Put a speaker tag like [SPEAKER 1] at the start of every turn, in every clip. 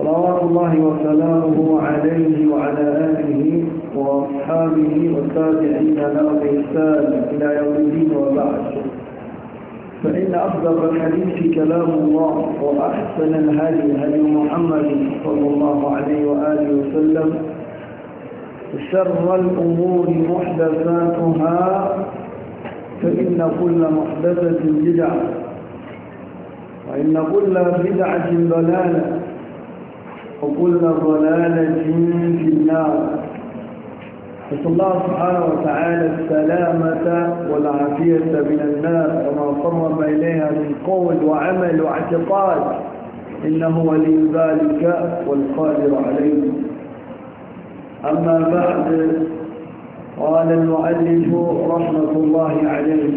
[SPEAKER 1] صلوات الله وسلامه عليه وعلى آله وأصحابه والتابعين له بإحسان إلى يوم الدين وبعد فإن أفضل الحديث كلام الله وأحسن الهدي هدي محمد صلى الله عليه وآله وسلم شر الأمور محدثاتها فإن كل محدثة بدعة وإن كل بدعة ضلالة وكل ضلالة في النار نسأل الله سبحانه وتعالى السلامة والعافية من النار وما قرب إليها من قول وعمل واعتقاد إنه ولي ذلك والقادر عليه أما بعد قال المؤلف رحمة الله عليه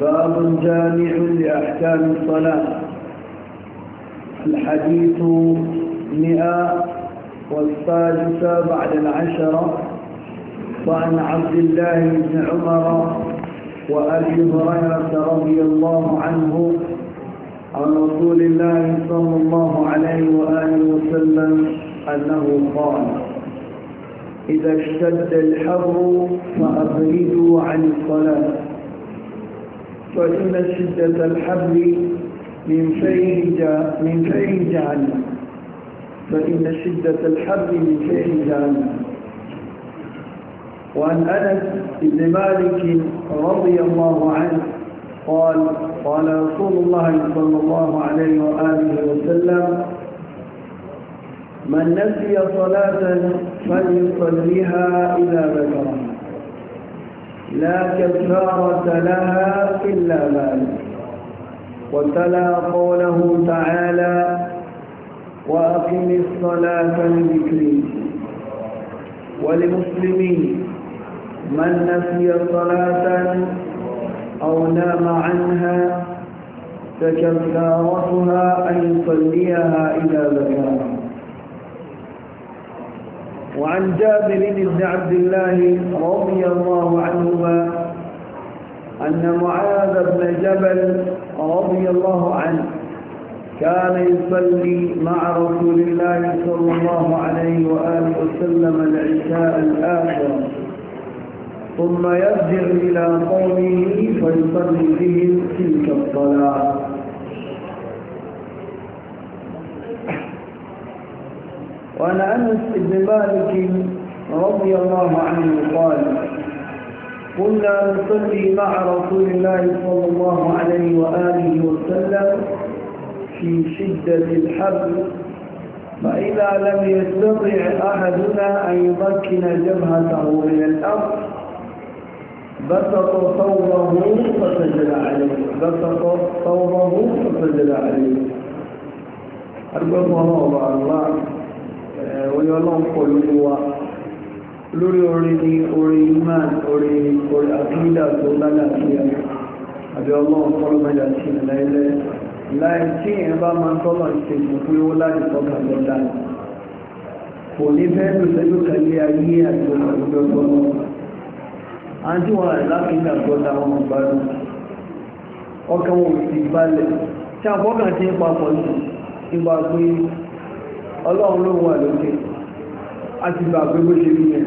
[SPEAKER 1] باب جامع لأحكام الصلاة الحديث مئة والثالثة بعد العشرة وعن عبد الله بن عمر وأبي هريرة رضي الله عنه عن رسول الله صلى الله عليه وآله وسلم أنه قال إذا اشتد الحر فأبردوا عن الصلاة فإن شدة الحر من فيه من فيه جهنم فإن شدة الحر من فيه جهنم وعن أنس بن مالك رضي الله عنه قال قال رسول الله صلى الله عليه وآله وسلم من نسي صلاة فليصليها إذا بكر لا كفارة لها إلا ذلك وتلا قوله تعالى وأقم الصلاة لذكري ولمسلمين من نسي صلاة أو نام عنها فكفارتها أن يصليها إلى مكانه وعن جابر بن عبد الله رضي الله عنهما أن معاذ بن جبل رضي الله عنه كان يصلي مع رسول الله صلى الله عليه وآله وسلم العشاء الآخر ثم يرجع إلى قومه فيصلي بهم تلك الصلاة وعن أنس بن مالك رضي الله عنه قال كنا نصلي مع رسول الله صلى الله عليه وآله وسلم في شدة الحر فإذا لم يستطع أحدنا أن يمكن جبهته من الأرض بسط ثوبه فسجد عليه بسط ثوبه فسجد عليه أرجو الله الله ويولون قلوا lórí orin ni orin iman orin àkídà tó lálàáfíà àbí ọlọ́run kọ́lọ́mọ́dà sí ìlẹ́lẹ́ láì tí ẹ̀ bá máa tọ́lọ̀ ṣe ìpínpín owó láti tọ́ka lọ́dà kò ní fẹ́ lùsẹ́jú kẹlẹ́ ayé àti ọ̀gbẹ́ ọgbọ́n àti wọn àìláfíà tó dáwọn ọgbàdùn ọkàn wọn ti balẹ̀ tí àfọ́kàn ọlọ́run ló wà lókè àti ìgbà pé bó ṣe rí yẹn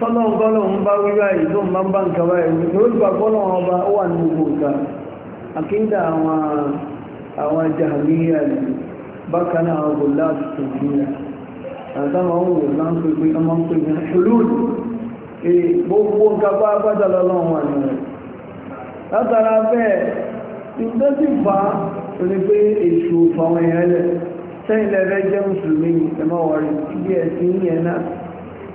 [SPEAKER 1] tọ́lọ́run tọ́lọ́run bá wíwá yìí tó ń bá ń bá nǹkan báyìí tó ń gbà fọ́lọ́run ọba ó wà ní gbogbo nǹkan àkíńdà àwọn àwọn jahamiya ni bákan náà àwọn gòlá àti tòkìyà àtàwọn ohun wò náà ń pè pé ọmọ ń pè ní ṣùlùdù èyí gbogbo nǹkan bá bí ẹ̀sìn yẹn náà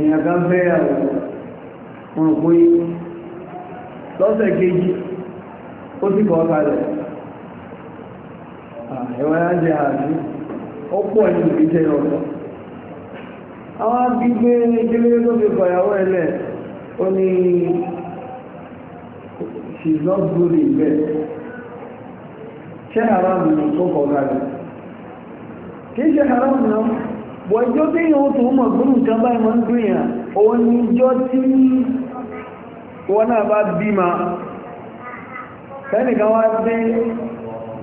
[SPEAKER 1] èèyàn kan fẹ́ àwọn òpin lọ́sẹ̀ kejì ó sì kọ́ kalẹ̀ ẹ̀wọ̀n ajé àbí ó pọ̀ ní ìgbésẹ̀ ọ̀tọ̀ àwọn agbègbè ìdílé tó fi kọ̀yàwó ẹlẹ̀ ó ní she's not good in bed ṣé kọ̀ kalẹ̀ kì í ṣe haram náà bọ̀ ẹjọ́ tí yíò tó mọ̀ fún nǹkan báyìí máa ń gbìyàn òun ni ìjọ tí wọ́n náà bá bí ma fẹ́nìkan wá dé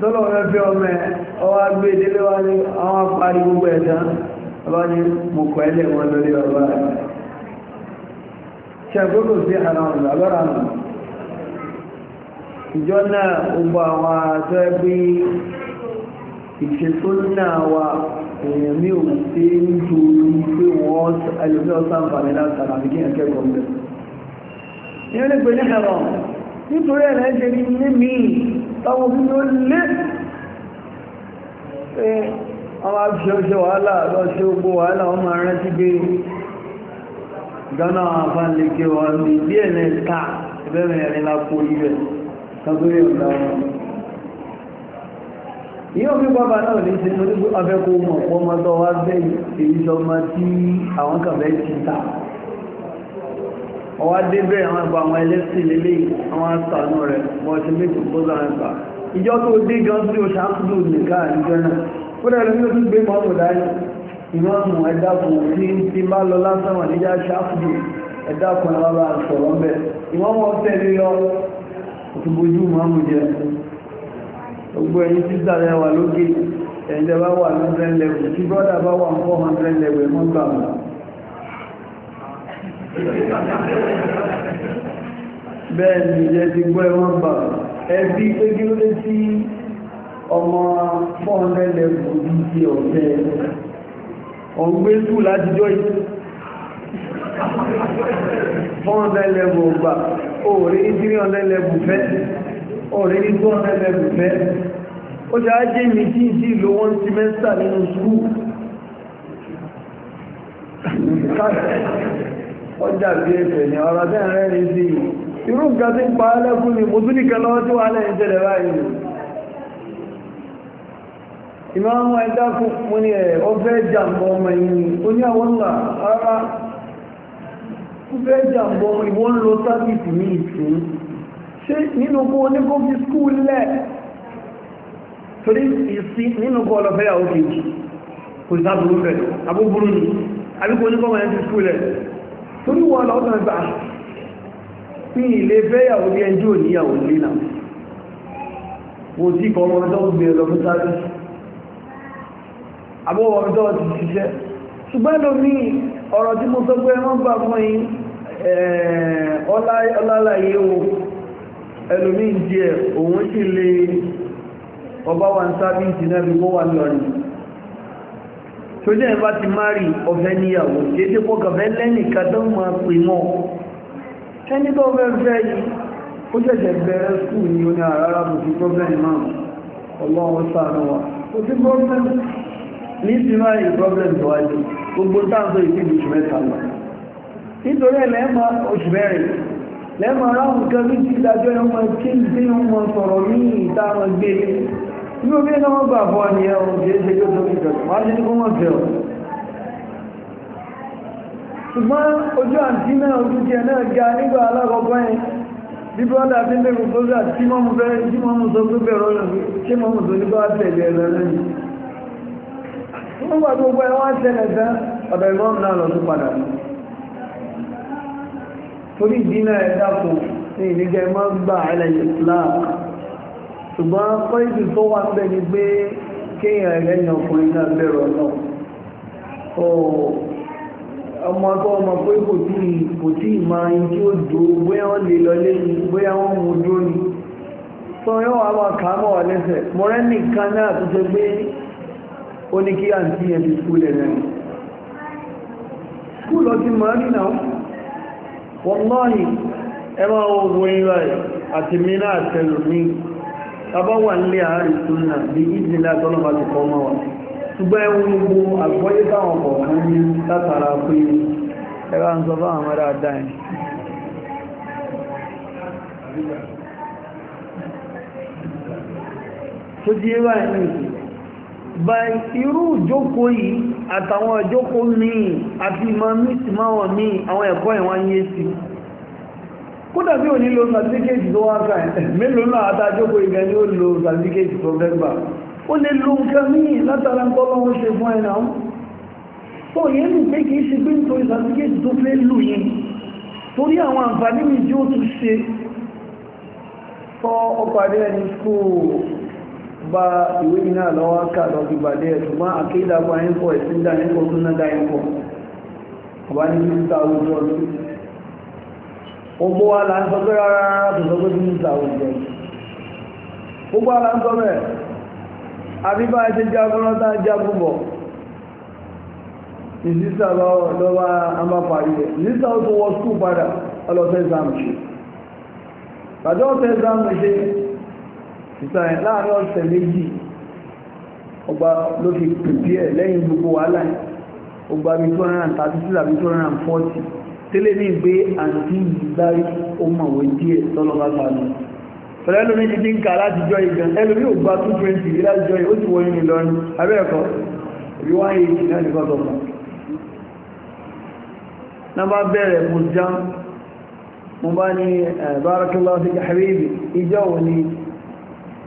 [SPEAKER 1] lọ́lọ́ ẹgbẹ́ ọmọ ẹ̀ ọwá gbé délé wá ní àwọn apárí gbogbo ẹ̀dá ní wọn lórí ọba rẹ̀ sí èèyàn mi ò sí nítorí pé wọ́n ẹlòmí ọ̀sán àǹfààní látara àbí kíyàn kẹ́kọ̀ọ́ mẹ́ ìyẹn lè pè ní ẹ̀rọ nítorí ẹ̀rẹ́ ṣe ní ní mi táwọn òfin ló lé pé àwọn aṣọ́ṣe wàhálà lọ́ṣẹ́ ogbó wàhálà wọ́n máa rántí gbé gánà àfàǹlẹ̀kẹ́ wà ní ìdí ẹ̀rẹ́ ta ẹ̀bẹ̀rẹ̀ ẹ̀rẹ́ lápò ibẹ̀ tábílẹ̀ ọ̀dà wọn yíò bí bàbá náà ní ṣe tó nígbó afẹ́kọ́ mọ̀ ọmọ tó wá bẹ́ èyí sọmọ tí àwọn kàbẹ́ ti ta ọwá débẹ̀ àwọn ẹgbà àwọn ẹlẹ́sìn lélẹ̀ àwọn àtàánú rẹ̀ wọ́n ti mẹ́tò kó sára ẹgbà ìjọ tó dé gan sí oṣù àkùdù nìka àdìjọ náà ó dẹ̀ lórí oṣù gbé mọ́tò dání ìmọ̀ọ̀mù ẹ̀dàkùn tí ń ti bá lọ lásán wà níjà ṣáàkùdù ẹ̀dàkùn àwọn àṣọ̀rọ̀ ń bẹ̀ ìmọ̀ọ̀mù ọ̀tẹ̀ lílọ òtúbojú mọ́mù jẹ́ gbogbo ẹ̀yin sísà rẹ̀ wà lókè ẹ̀yìn bá wà ní 100 level tí brọ́dà bá wà 400 level mọ́ gbà mọ́ bẹ́ẹ̀ ni jẹ́ ti gbọ́ ẹwọ́n gbà ẹbí pé kí ló lé sí ọmọ 400 level bí ti ọ̀fẹ́ ọ̀gbé tù láti jọ ìtù 400 level gbà òòrí 300 level fẹ́ òòrí 200 level fẹ́ ó ṣe á jẹ́ mi tí ìdí ìlú wọn símẹ́sítà nínú skúù ọjà bí ẹ̀fẹ̀ ni ọ̀rọ̀ tẹ́ rẹ̀ ní sí irú nǹkan tí ń pa ẹlẹ́kùn ni mo tún ní kẹlọ́ tí wà lẹ́yìn tẹ́lẹ̀ báyìí ìmọ̀ àwọn ẹ̀dá fún mo ní ẹ̀ ó fẹ́ jàmbọ̀ ọmọ ìyìn ó ní àwọn ńlá ara ó fẹ́ jàmbọ̀ ọmọ ìwọ́n lo sáfìsì ní ìsìn ṣé nínú kó oníkó fi skúù lẹ́ẹ̀ torí ìsí nínú kọ́ ọlọ́fẹ́yàwó kejì kò sáàbùrú rẹ̀ abúburú ni àbíkò ní kọ́mọ̀ ẹni skú rẹ̀ torí wọ́n lọ́gbọ̀n ah, gbà ní ilé fẹ́yàwó bí ẹnjú òníyàwó nílà wọ́n tí kọ́ ọmọ ọdọ́ gbé lọ fún sáré eh, o ìdí ẹ̀ òun ọba wa ń sábí ìtìnàbí kó wà lọ́rin tó jẹ́ ìbá ti márì ọ̀fẹ́ níyàwó dédé pọ́kàfẹ́ lẹ́nìkan tó ma pè mọ́ ẹni tó fẹ́ fẹ́ yìí ó ṣẹ̀ṣẹ̀ bẹ̀rẹ̀ skúù ní oní àrárá kò sí problem náà ọlọ́run sàánú wa kò sí problem ní ti márì problem tó wájú gbogbo táàzọ ìpín oṣù mẹ́ta lọ nítorí ẹ̀ lẹ́ẹ̀mọ oṣù mẹ́rin lẹ́ẹ̀mọ aráhùn kan ní ti ìdájọ́ ẹ̀wọ̀n kí ìdí wọn sọ̀rọ̀ ní ìta wọn gbé inú bí ẹ̀nà wọ́n gbà fún àníyàn òun kìí ṣe kí ó tó kíkọ̀ wá sí ní kó mọ̀ fẹ́ ọ̀ ṣùgbọ́n ojú àǹtí náà ojú jẹ náà ga nígbà alákọ̀ọ́kọ́ yẹn bí bọ́ọ̀dà tí ń bẹ̀rù sójà tí mọ́ mú bẹ́rẹ̀ tí mọ́ mú sọ pé bẹ̀rọ rẹ̀ tí mọ́ mú sọ ní bá tẹ̀lé ẹ̀rọ lẹ́yìn wọ́n gbà tó gbọ́ ẹwà tẹ̀lẹ̀ tán ọ̀dọ̀ ìmọ́m náà lọ sí padà torí ìdí náà ẹ̀dá kù ní ìdíjẹ mọ́ gbà ẹlẹ́yìn islam ṣùgbọ́n pọ́ìsì tó wà ń bẹ̀ ni pé kéèyàn ẹlẹ́yìn ọkùnrin náà bẹ̀rọ náà ọmọ tó ọmọ pé kò tí kò tí ìmọ̀ ayé tí ó dò bóyá wọ́n lè lọ lẹ́yìn bóyá wọ́n mú dúró ni tó yọ́ wà máa kà á mọ̀ wà lẹ́sẹ̀ mọ̀rẹ́ nìkan náà tó ṣe pé ó ní kí àǹtí yẹn fi kú lẹ̀ náà kú lọ sí mọ̀rẹ́ náà wọ́n náà ẹ máa wo ìrìn àti mí náà tẹ̀lù míì tàbá wà nílé ààrẹ súnà bí ìdílé àtọ́lọ́bà ti kọ́ mọ́ wa ṣùgbọ́n ẹwọ́n gbogbo àgbọ́yé táwọn kọ̀ọ̀kan ní látara pé ẹwà ń sọ fáwọn mẹ́rẹ̀ àdáyìn tó di ẹwà ẹ̀yìn bá irú ìjókòó yìí àtàwọn ìjókòó míì àti ìmọ̀ míì sí máwọn míì àwọn ẹ̀kọ́ ìwọ̀n sí kódà bí òní lo certificate tó wá ká ẹ̀ mélòó náà adájókò ìgbẹ́ ni ó lo certificate tó fẹ́gbà ó lè lo nǹkan míì látara nǹkan bá wọ́n ṣe fún ẹ̀ náà tó yẹ́ lù pé kìí ṣe pé nítorí certificate tó fẹ́ lù yìí torí àwọn àǹfààní mi tí ó tún ṣe fọ́ ọpàdé ẹni skúù bá ìwé iná lọ́wọ́ ká lọ fi bàdé ẹ̀ ṣùgbọ́n àkéèdàgbà ẹ̀ńkọ̀ ẹ̀sìn dá ẹ̀ńkọ̀ tún gbogbo wa la ń sọ pé rárá tó sọ pé bí ní ìsàwọn ìjẹ gbogbo wa la ń sọ bẹ́ẹ̀ àbí bá ṣe jagun lọ́tà jagun bọ̀ ìsísà lọ́wọ́ amáparí rẹ̀ ìsísà ó tó wọ skul padà ọlọ́fẹ́ ìsàmù ṣe pàdé ọ̀fẹ́ ìsàmù ṣe ìsàyẹ̀ láàrin ọ̀sẹ̀ méjì ọgbà ló fi pèpè ẹ̀ lẹ́yìn gbogbo wàhálà ọgbà bí 236 àbí 240 tẹ́lẹ̀ ní gbé àti ìgbárí ọmọwé díẹ̀ tọ́lọ́bá sàánù pẹ̀lẹ́ lómi ti ń ká láti jọ ìgbẹ̀ ẹlòmí ò gbá 220 láti jọ ó ti wọ́n ní lọ́nà abẹ́ẹ̀kọ́ rí wá èyí náà ní kọ́tọ̀ mọ́ na bá bẹ̀rẹ̀ mo já mo bá ní bárakílá sí habibi ìjọ ò ní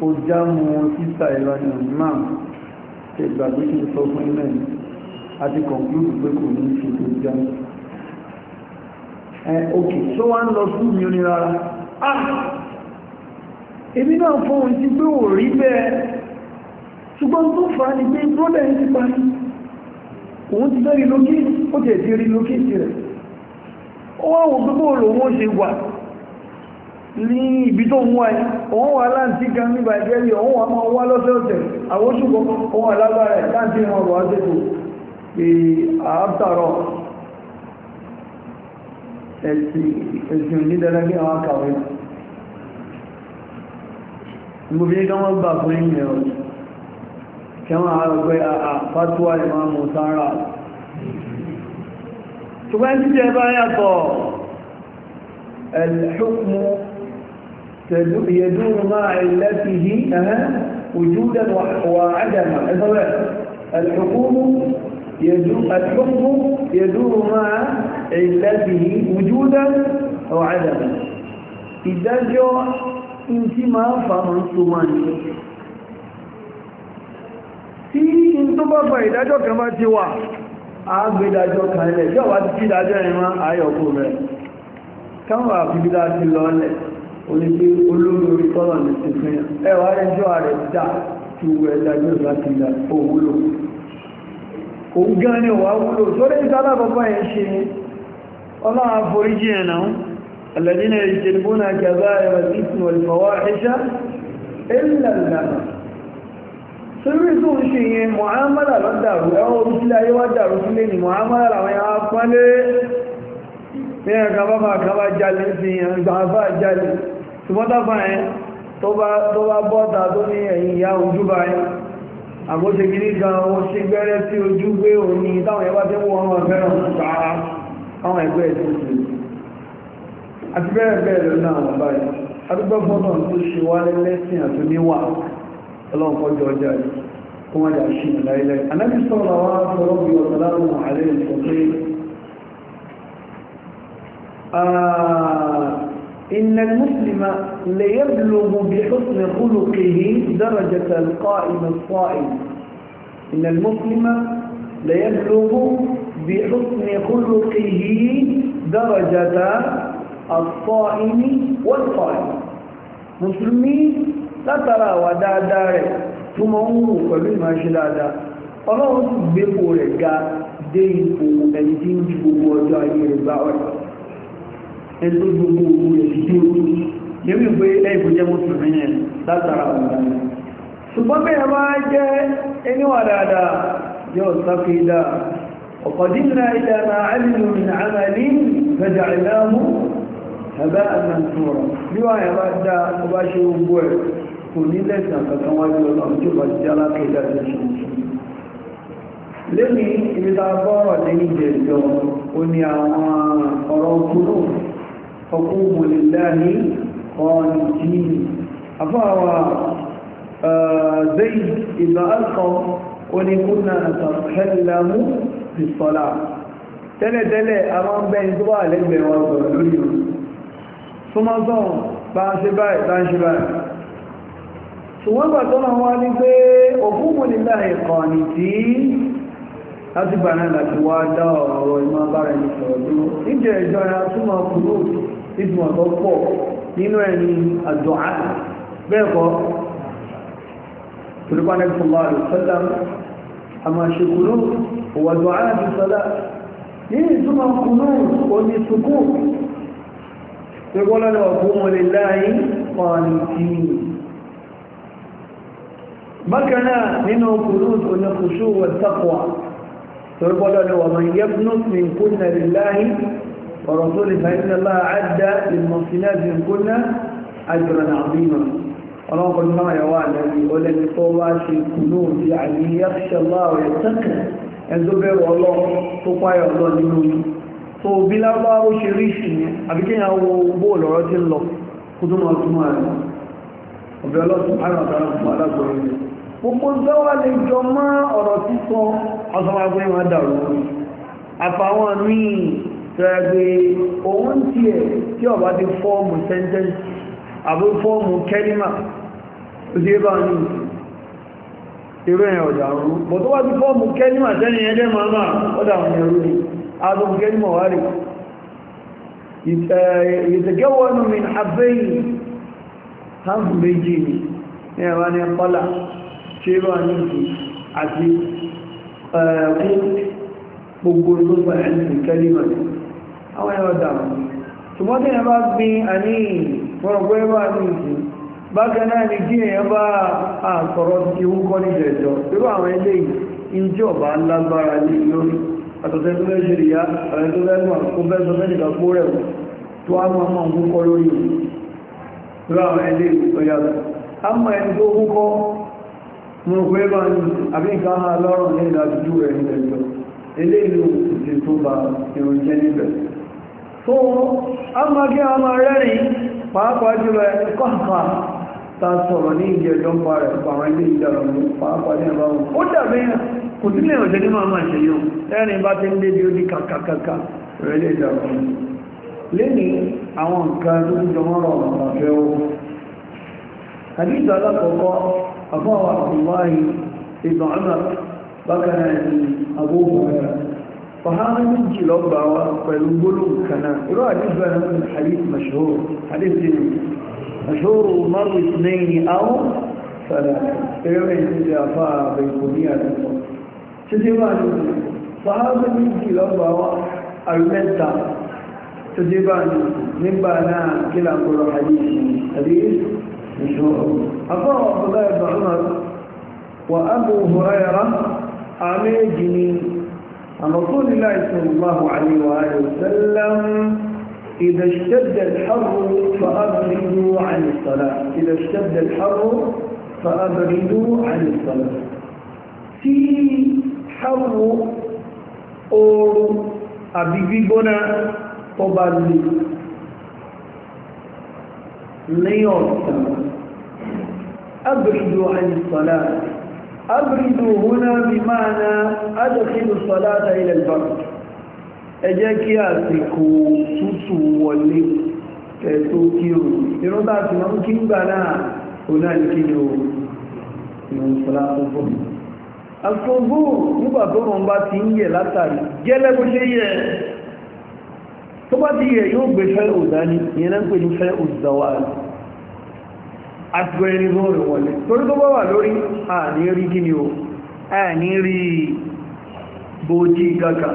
[SPEAKER 1] ó já mo sísà ìlànà máa ṣe ìgbàgbé sí sọ fún ilẹ̀ àti kọ̀ǹkúrù pé kò ní ṣe òkè eh, tó wá ń lọ sí mi ní ah èmi náà fún ohun tí pé ò rí bẹ́ẹ̀ ṣùgbọ́n tó fà á ní pé brọ́dẹ̀ ń ti parí òun ti fẹ́ relocate ó jẹ̀ ti relocate rẹ̀ ó wá wò gbogbo olóhun ṣe wà ní ibi tó ń wá ẹ òun wà láǹtí gan nígbà ìjẹ́rì òun wà máa wá lọ́sẹ̀ọ̀sẹ̀ àwọ́ṣùgbọ́n òun alágbára ẹ̀ láǹtí ìwọ̀n rọ̀ á ẹ̀sìn onídẹ́lẹ́ ní àwọn akàwé mo fi ní kí wọ́n gbà fún ìyẹn ọ̀ kí wọ́n àárọ̀ pé àfátíwà lè máa mú sára ṣùgbọ́n títí ẹ bá yàtọ̀ الحكم يدور مع علته وجودا وعدما الحكم يدور الحكم يدور مع ìlẹ́bìí wùjúdẹ́ ọ̀rẹ́dẹ̀ ìdájọ́ in tí máa ń fa mọ́ tó máa ní tí in tó bá fa ìdájọ́ kan bá ti wà agbẹ́dájọ́ kan lẹ̀ yọ́ wá ti kí ìdájọ́ ìran ayọ̀kú rẹ̀ káwọn àfibílá ti lọ́lẹ̀ onígbé olóòrí tọ́lọ̀ ní ti fi ẹwà ẹjọ́ rẹ̀ dá tí ó ẹ̀dájọ́ láti ìlà òwúlò òun gan ni wà wúlò tó lè sálábọ́bá ẹ̀ ṣe ọlọ́wọ́ àforíjì ẹ̀nà alladhina yajtanibuna kaba'ira al-ithmi wal-fawahisha illa al-baghy sórí tó ń ṣe yẹn mọ̀hámàlà lọ dàrú ẹwọ́ orísílẹ̀ ayé wá dàrú sílé ní mọ̀hámàlà làwọn yà á pálé ní ẹ̀ka bábà kábà jalè sí ìgbàfà jalè ṣùgbọ́tàfà yẹn tó bá bọ́ta tó ní ẹ̀yìn ìyá àwọn ẹgbẹ́ ìdíje àti bẹ́ẹ̀ bẹ́ẹ̀ lọ náà wọ́n báyìí adúgbò fọ́nà tó ṣe wá lẹ́sìn àti níwà ọlọ́nkọjọ ọjà yìí kó wọ́n yà ṣì láìláì anábì sọ̀rọ̀ wá sọ̀rọ̀ bí ọ̀sán láàrùn àlẹ́ ìsọ̀ pé إن المسلم ليبلغ بحسن خلقه درجة القائم الصائم إن المسلم ليبلغ بحسن خلقه درجة الصائم والصائم مسلمي látara àwà dáadáa rẹ̀ tó ma ń rò pẹ̀lú ìmáṣe dáadáa ọlọ́run sì gbépò rẹ̀ ga dé ipò ẹni tí ń ju gbogbo ọjọ́ ayé rẹ̀ gbá ọ̀rẹ́ ẹni tó gbogbo òun rẹ̀ sí dé òun yẹ́mí pé lẹ́yìn kó jẹ́ mùsùlùmí yẹn látara àwà dáadáa ṣùgbọ́n bẹ́ẹ̀ máa jẹ́ ẹni wà dáadáa yóò sáfẹ́ dáa وقدمنا إلى ما علموا من عمل فجعلناه هباء منثورا رواية بعد مباشر بوع كل لسنا كتواجه الأمجوب الجلاء كذا تشمس lẹ́yìn إذا ta bọ́rọ̀ lẹ́yìn jẹjọ ó ní àwọn ọ̀rọ̀ kúrò ọkùn mọ̀lẹ́lá ní ọ̀nà jíni afọ́wà fi sọ́lá tẹ́lẹ̀tẹ́lẹ̀ àwọn bẹ́yìn tó wà lẹ́gbẹ̀ẹ́ wọn sọ̀rọ̀ lórí o súnmọ́sán bá ń ṣe báyìí bá ń ṣe báyìí ṣùgbọ́n gbà tọ́nà wá ní pé òkú mú nílá ìkànnì tí láti gbà náà láti wá dá ọ̀rọ̀ ìmọ̀ ودعاء الصلاة إيه ثم القنوط والسكوت يقول أنا أقوم لله قانتين كان منه القنوط والخشوع والتقوى يقول أنا ومن يبنت من كنا لله ورسوله فإن الله عد للمحسنات من كنا أجرا عظيما الله قلنا يا والد ولن يطوى شيء كنوت يعني يخشى الله ويتقى ẹ̀dọ́bẹ̀rù ọlọ́run tó páyà ọlọ́ nínú yìí tó bí lábáwó ṣe rí sí ní àbíkẹ́yà wo bó lọ́rọ́ tí ń lọ kó tó máa túnmọ̀ rẹ̀ ọ̀bẹ̀ ọlọ́sùn àràtàrà fún alágbọ̀rẹ̀ rẹ̀ gbogbo dáwà lè jọ mọ́ ọ̀rọ̀ títọ́ ọsọ́wọ́gbẹ́ wọn dàrú àfàwọn míì tẹ́gbẹ́ òun tí ẹ̀ irú ẹ̀yàn ọ̀dà ọ̀rún bọ̀ tó wá ti fọ́ọ̀mù kẹ́nìmà tẹ́ni ẹgbẹ́ máa máa ọ̀dà ọ̀rún ẹ̀rú ni agbọ́n kẹ́nìmà wà rí ìtẹ̀kẹ́wọ́nù mi àbẹ́yìn hàbù méjì ni ní ẹ̀wà ní ọpọlá ṣerú àníkì àti gbogbo tó gbà ẹ̀sìn kẹ́nìmà àwọn bákan náà ni kí èèyàn bá àkọ̀rọ̀ ti ń kọ́ níjẹ̀ ìjọ irú àwọn eléyìí ìjọba lágbára ní lórí àtọ̀tẹ́ tó fẹ́ ṣe ìyá àrẹ tó fẹ́ mọ̀ kó fẹ́ sọ mẹ́jìká kó rẹ̀ tó á máa máa ń kọ́ lórí irú àwọn eléyìí tó yàtọ̀ a mọ̀ ẹni tó kúkọ́ mo rò pé bá ní àbí sọ̀rọ̀ ní ìdí ẹjọ́ ń pa rẹ̀ pàwọn ilé ìjọrọ̀ mú pàápàá ní ẹ̀bá wọn ó dàbí yàn kò tí lè ọ̀jẹ́ nínú àmà ṣe yóò ẹ̀rin bá ti ń débi ó di kàkàkàkà rẹ̀ lè ìjọrọ̀ mú lẹ́ni àwọn nǹkan tó ti jọmọ́ rọ̀ ọ̀fẹ́ o àdíjọ ní agbóhùn rẹ̀ fàhánà méjì lọ́gbà wa pẹ̀lú gbólóhùn kanáà irú àdíjọ ẹ̀rọ حور مر اثنين أو ثلاثة إيوين تجي أفا بيكونية تجي ما نقول صحابة نجي لبا أرمتا تجي ما نقول نبانا كلا كل حديث حديث مشهور أقرأ عبد الله بن عمر وأبو هريرة أعمل جنين عن رسول الله صلى الله عليه وآله وسلم إذا اشتد الحر فأبردوا عن الصلاة إذا اشتد الحر فأبردوا عن الصلاة في حر أور أبيبي بنا طبالي ليوم أبردوا عن الصلاة أبردوا هنا بمعنى أدخل الصلاة إلى البرد ẹ jẹ́ kí àsìkò tútù wọlé ẹ̀tọ́ kí o ìrọ́bà tí wọ́n kí ń gbà náà ò náà ní kí ni o ìwọ̀n ìfọ́lá fúnfọ́ àfúnfọ́ nígbà tó rọ̀ bá ti ń yẹ látàrí gẹ́lẹ́ bó ṣe yẹ tó bá ti yẹ yóò gbé fẹ́ òdání ìyẹn ń pè ní fẹ́ òdìdáwà àtìgbẹ́ ní kankan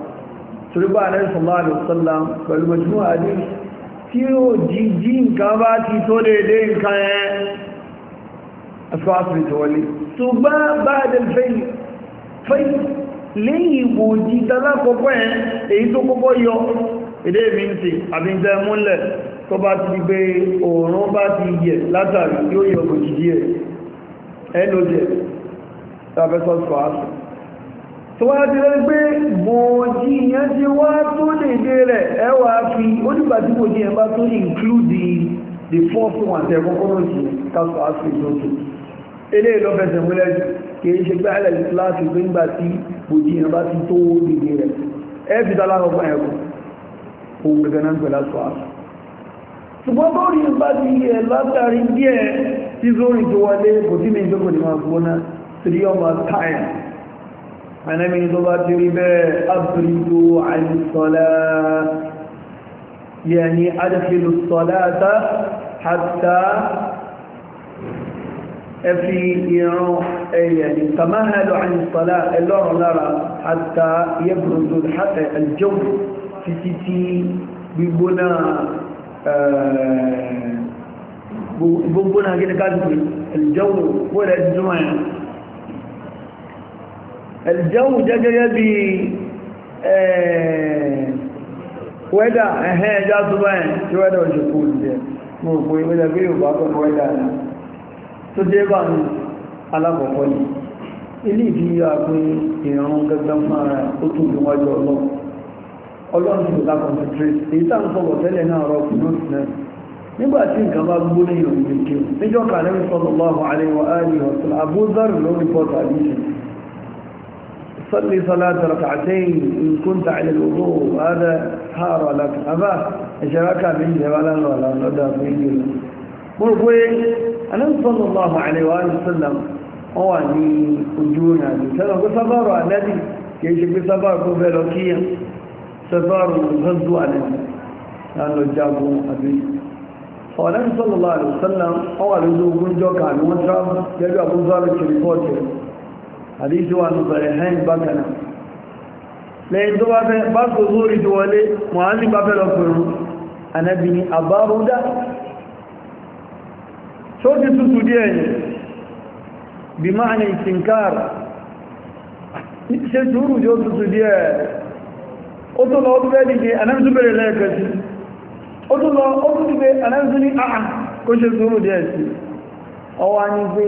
[SPEAKER 1] torípa rẹ̀ sọ̀lọ́rọ̀ sọ́lá pẹ̀lú mẹ́júmú àdí tí ó jíjí nǹkan bá ti tó dédé nǹkan ẹ asfáàfì ìtọ̀wọlé ṣùgbọ́n bá dẹ̀ fẹ́ lẹ́yìn ìbò jíta lákọ́kọ́ ẹ èyí tó kọ́kọ́ yọ èdè mi ń ti àbíntẹ́ múlẹ̀ tó bá ti gbé òòrùn bá ti yẹ látàrí yóò yọ òjìjí ẹ̀ ẹ̀ lójẹ̀ tàbẹ́sọ́sọ́ àṣù tó wá ti rẹ́ pé bòójì yẹn ti wá tó lè dé rẹ̀ ẹ wà fi onígbà tí bòójì yẹn bá tó include the the fourth one tẹ̀ kọ́kọ́ náà sí káfọ́ áfíríkì lókè eléyìí lọ́fẹsẹ̀ múlẹ̀ jù kìí ṣe pé àìlẹ̀ láti pé ńgbà tí bòójì yẹn bá ti tó dìde rẹ̀ ẹ fi dá láwọn ọgbọ́n ẹ̀kọ́ òun gẹ̀gẹ̀ náà pẹ̀lá sọ àṣọ ṣùgbọ́n bóòrì bá ti yẹ látàrí díẹ̀ tí zóòrì tó wọlé kò tí mi ìjókòó ní máa gbóná 3 over time أنا من ضباط الربا أبرد عن الصلاة يعني أدخل الصلاة حتى في إيه يعني تمهل عن الصلاة اللور حتى يبرز الحق الجو في سيتي ببنى آه، ببنى كده كده الجو ولا الجمعية ẹ̀lìjẹ́wù jẹ́ gẹ́gẹ́ bí eh, wẹ́dà ẹ̀hẹ́ ẹjá tó báyìí tí wẹ́dà òṣèkú jẹ́ mo rò pé wẹ́dà pé yóò bá pẹ̀lú wẹ́dà rẹ̀ tó dé bá ní alákọ̀ọ́kọ́ ni ilé ìdí yóò pé ìrànwọ́ gẹ́gẹ́ máa ó tún bí wájú ọlọ́run ọlọ́run ti bá concentrate èyí tá à ń sọ̀rọ̀ tẹ́lẹ̀ náà rọ kùnú sílẹ̀ nígbà tí nǹkan bá gbó ní ìròyìn kéwù صلي صلاة ركعتين إن كنت على الوضوء هذا حار لك أبا أشراكا فيه ولا ولا ندى فيه مرقوي أن صلى الله عليه وآله وسلم هو أني أجونا سنة بسفر الذي كيش بسفر كوفيلوكيا سفر غزو النبي لأنه جابوا أبي فأنا صلى الله عليه وسلم هو أنه يقول جوكا أنه يجب أن يكون ذلك àdíṣẹ́ wà ní bẹ̀rẹ̀ hẹ́n bákanáà lẹ́yìn tó bá kò lórí ti wọlé mọ̀hálì bá fẹ́ lọ pẹ̀rún ànábì ni àbárúdá tó ti tútù díẹ̀ ni bí máa ní ìsìnkáàr ṣe túrù jọ tútù díẹ̀ ó tó lọ ó tún ní ànábì tún bẹ̀rẹ̀ lẹ́ẹ̀kẹ́sí sí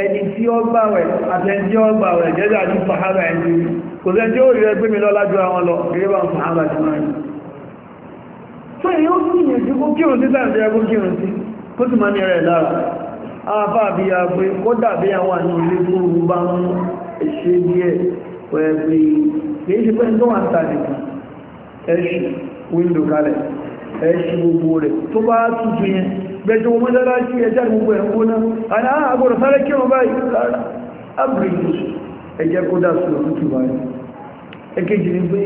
[SPEAKER 1] ẹni tí ó gbà rẹ̀ àtẹni tí ó gbà rẹ̀ jẹ́jà ní sàhábà ẹni kò sẹ́ tí ó rí ẹgbẹ́ mi lọ́lá àwọn lọ gẹ́gẹ́ bá ti máa rí tó èyí ó sì yẹn tí kó kírun sí sáàtì ẹgbó kírun sí kó sì máa ní rẹ̀ lára kó dàbí àwọn ilé gbẹjọ wọn mọ́lára sí ẹjá gbogbo ẹ̀kọ́ náà àná àgbọ̀rọ̀ sáré kí wọn báyìí lára ábìrìjì ẹjẹ́ kó dá sí òtútù báyìí ẹkẹ́jì ni pé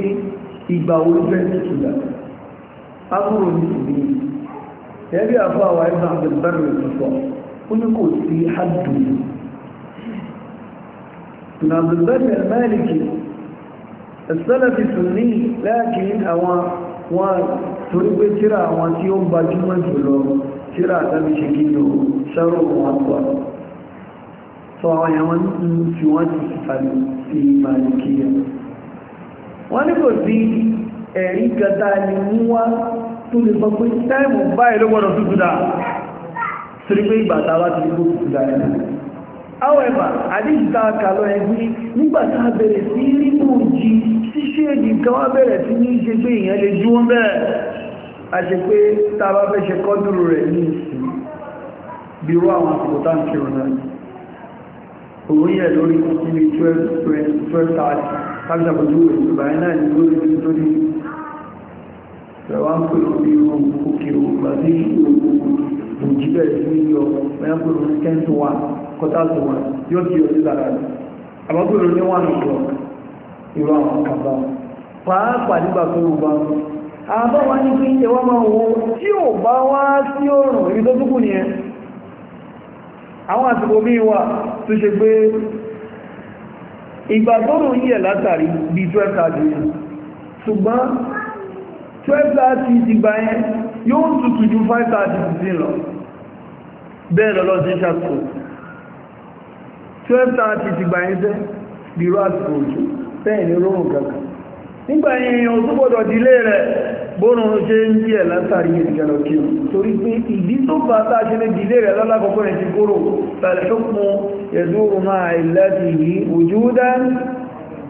[SPEAKER 1] ìgbà wo fẹ́ tutù dà ábúrò ní ìbí ẹbí àfọ àwọn ẹgbẹ́ àbẹ̀bẹ̀rẹ̀ ìtùsọ̀ ó ní kò sí àdùn ìnà àbẹ̀bẹ̀rẹ̀ mẹ́lìkì torí pé tíra àwọn tí ó gbajúmọ̀ jùlọ tíra àtàbí ṣe gínú ṣẹ́rọ̀ wọn pọ̀ tó àwọn ẹ̀wọ̀n ń fi wọ́n ti fàlẹ̀ sí màlìkíyà wọ́n ní kò sí ẹ̀rí gata ni mú wá tó lè sọ pé táìmù báyìí ló gbọ́dọ̀ tútù dáa torí pé ìgbà tàwa ti kó tútù dáa ẹ̀ however àdíjìta kàlọ́ ẹgbẹ́ nígbàtà bẹ̀rẹ̀ sí rí mú jí ṣíṣe èdè kan wá bẹ̀rẹ̀ sí ní ṣe pé a ṣe pé tá a bá fẹ́ ṣe kọ́dùrù rẹ̀ ní ìsìn bí irú àwọn àsìkò tá à ń kírun náà òun yẹ lórí níbi twelve twenty twelve thirty tàbí àpòjú ìgbà yẹn náà ní lórí ibi tó ní ìrẹ̀wọ̀n pẹ̀lú bí irú òkè ògbà sí òjì bẹ̀rẹ̀ àbọ́ wa ní pé ẹwà máa wo tí ò bá wá sí òrùn ibi tó túnkù nìyẹn àwọn àsìkò mí wà tó ṣe pé ìgbà tóòrùn yíẹ̀ látàrí bí 12:30 ṣùgbọ́n 12:30 ti gbà yẹn yóò tutù ju 5:30 lọ bẹ́ẹ̀ lọ́lọ́ sí ṣàkó 12:30 ti gbà yẹn bí rú àsìkò òjò bẹ́ẹ̀ ni róòrùn kankan nígbà yìnyìn tó gbọ́dọ̀ dílé rẹ̀ bóòrùn ṣe ń bí ẹ̀ látàrí ìrìnlẹ̀ òkè torí pé ìdí tó bá tàṣe lè dílé rẹ̀ lọ́lákọ̀ọ́kọ́ rẹ̀ ti kúrò pẹ̀lẹ̀ṣùkún ẹ̀dúrù máa ìlẹ́tì yìí òjúdá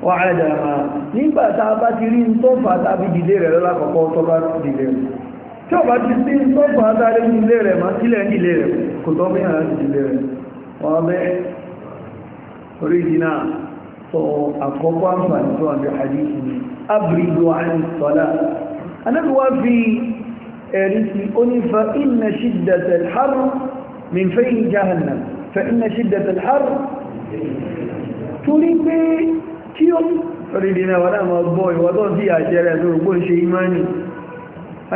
[SPEAKER 1] wà ẹ̀dàmà nígbà tá a bá ti rí tó fà tàbí so àkọ́kọ́ àǹfààní tó wà ní hadith ni abiridu àni sọ́lá anábíwá fi ẹ̀rí sí onífà inna ṣídàtà har min fẹ́yìn jahannam fa inna ṣídàtà har torí pé kí o rìnrìn náà wọ́n náà sí àṣẹrẹ tó gbọ́n ṣe imani